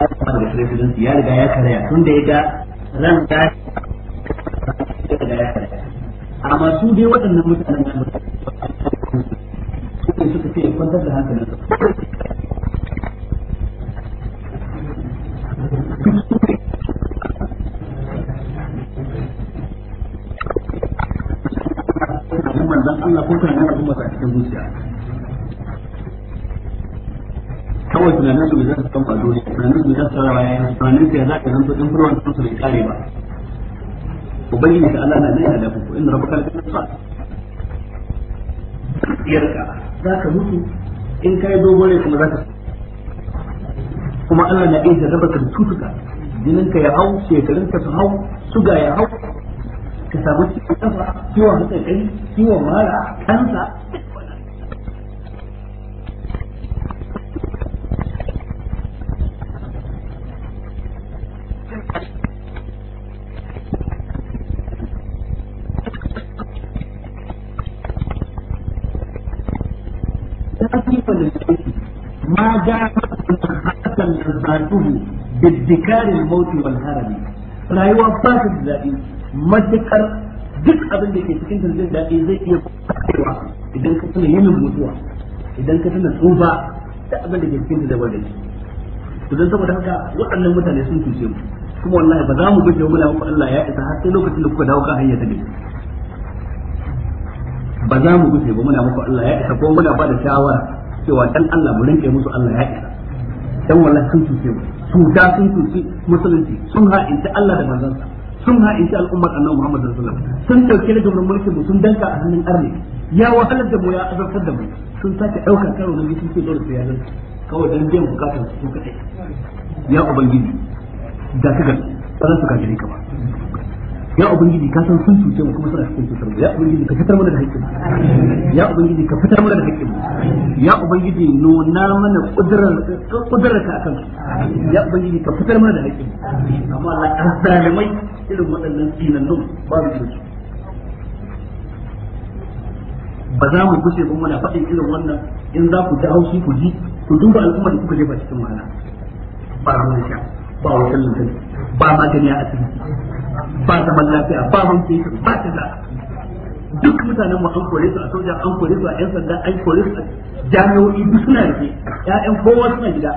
Speaker 1: alfa daga president ya riga ya karaya tun da ya ga ran da ya karaya amma su dai waɗannan mutanen suka suka ce kwantar da hankalin su Allah ko yana kuma sa cikin zuciya kawai tunanin su za su kan ba dole tunanin su za su tsara bayan tunanin su ya za ka zanto in furwan su su bai kare ba ubangiji ta Allah na ne da ku in inna ka la tasfa yarka za ka mutu in kai dogo ne kuma za ka kuma Allah na iya jarraba ka da cutuka jinin ka ya hau shekarun ka su hau suga ya hau ka samu ciwon kafa ciwon hatsari ciwon mara kansa bikaril mauti wal harami rayuwa ba ta da daɗi matukar duk abin da ke cikin tanzin daɗi zai iya kwarewa idan ka tuna yin mutuwa idan ka tuna tsufa da abin da ke cikin da daban da shi to don saboda haka waɗannan mutane sun cuce mu kuma wallahi ba za mu guje muna muku Allah ya isa har sai lokacin da kuka dawo kan hanya ta ne ba za mu guje ba muna muku Allah ya isa ko muna ba da shawara cewa dan Allah mu rinke musu Allah ya isa dan wallahi sun cuce mu cuta sun cuci musulunci sun ha'inci Allah da manzansa sun ha'inci al'ummar annabi Muhammad sallallahu alaihi wasallam sun dauke da jumlar mulkin mu sun danka a hannun arne ya wahalar da mu ya azabtar da mu sun sake daukar karo na sun ce dole sai ya kawai dan biyan bukatar su kadai ya ubangiji da kaga ba za su kafire ka ba ya ubangiji ka san sun cuce mu kuma suna cikin cutar mu ya ubangiji ka fitar mana da haƙƙin ya ubangiji ka fitar ya ubangiji nuna mana kudurar kudurar ka akan ya ubangiji ka fitar mana da haƙƙin amma la azzalimai irin waɗannan ba za mu kushe ba muna faɗin irin wannan in za ku ji haushi ku ji ku duba al'umma da kuka jefa cikin wahala ba ruwan sha ba wutar lantarki ba magani a asibiti ba zaman lafiya ba ke ba ta da duk mutanen mu an kore su a soja an kore su a yan sanda an kore su a jami'o'i duk suna rike ƴaƴan kowa suna gida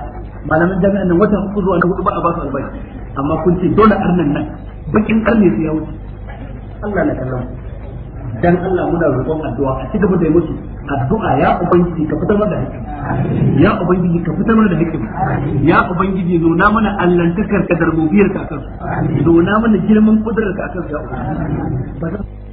Speaker 1: malaman jami'an nan wata uku zuwa na hudu ba a ba su albashi amma kun ce dole arnan nan bakin karne su ya wuce Allah na kallon dan Allah muna roƙon addu'a a cikin gaba da musu addu'a ya ubangiji ka fitar mana da hikima ya ubangiji ka fitar mana da hikima ya ubangiji nuna mana allantakar kadar mubiyar ka akan su nuna mana girman kudurar ka akan su ya ubangiji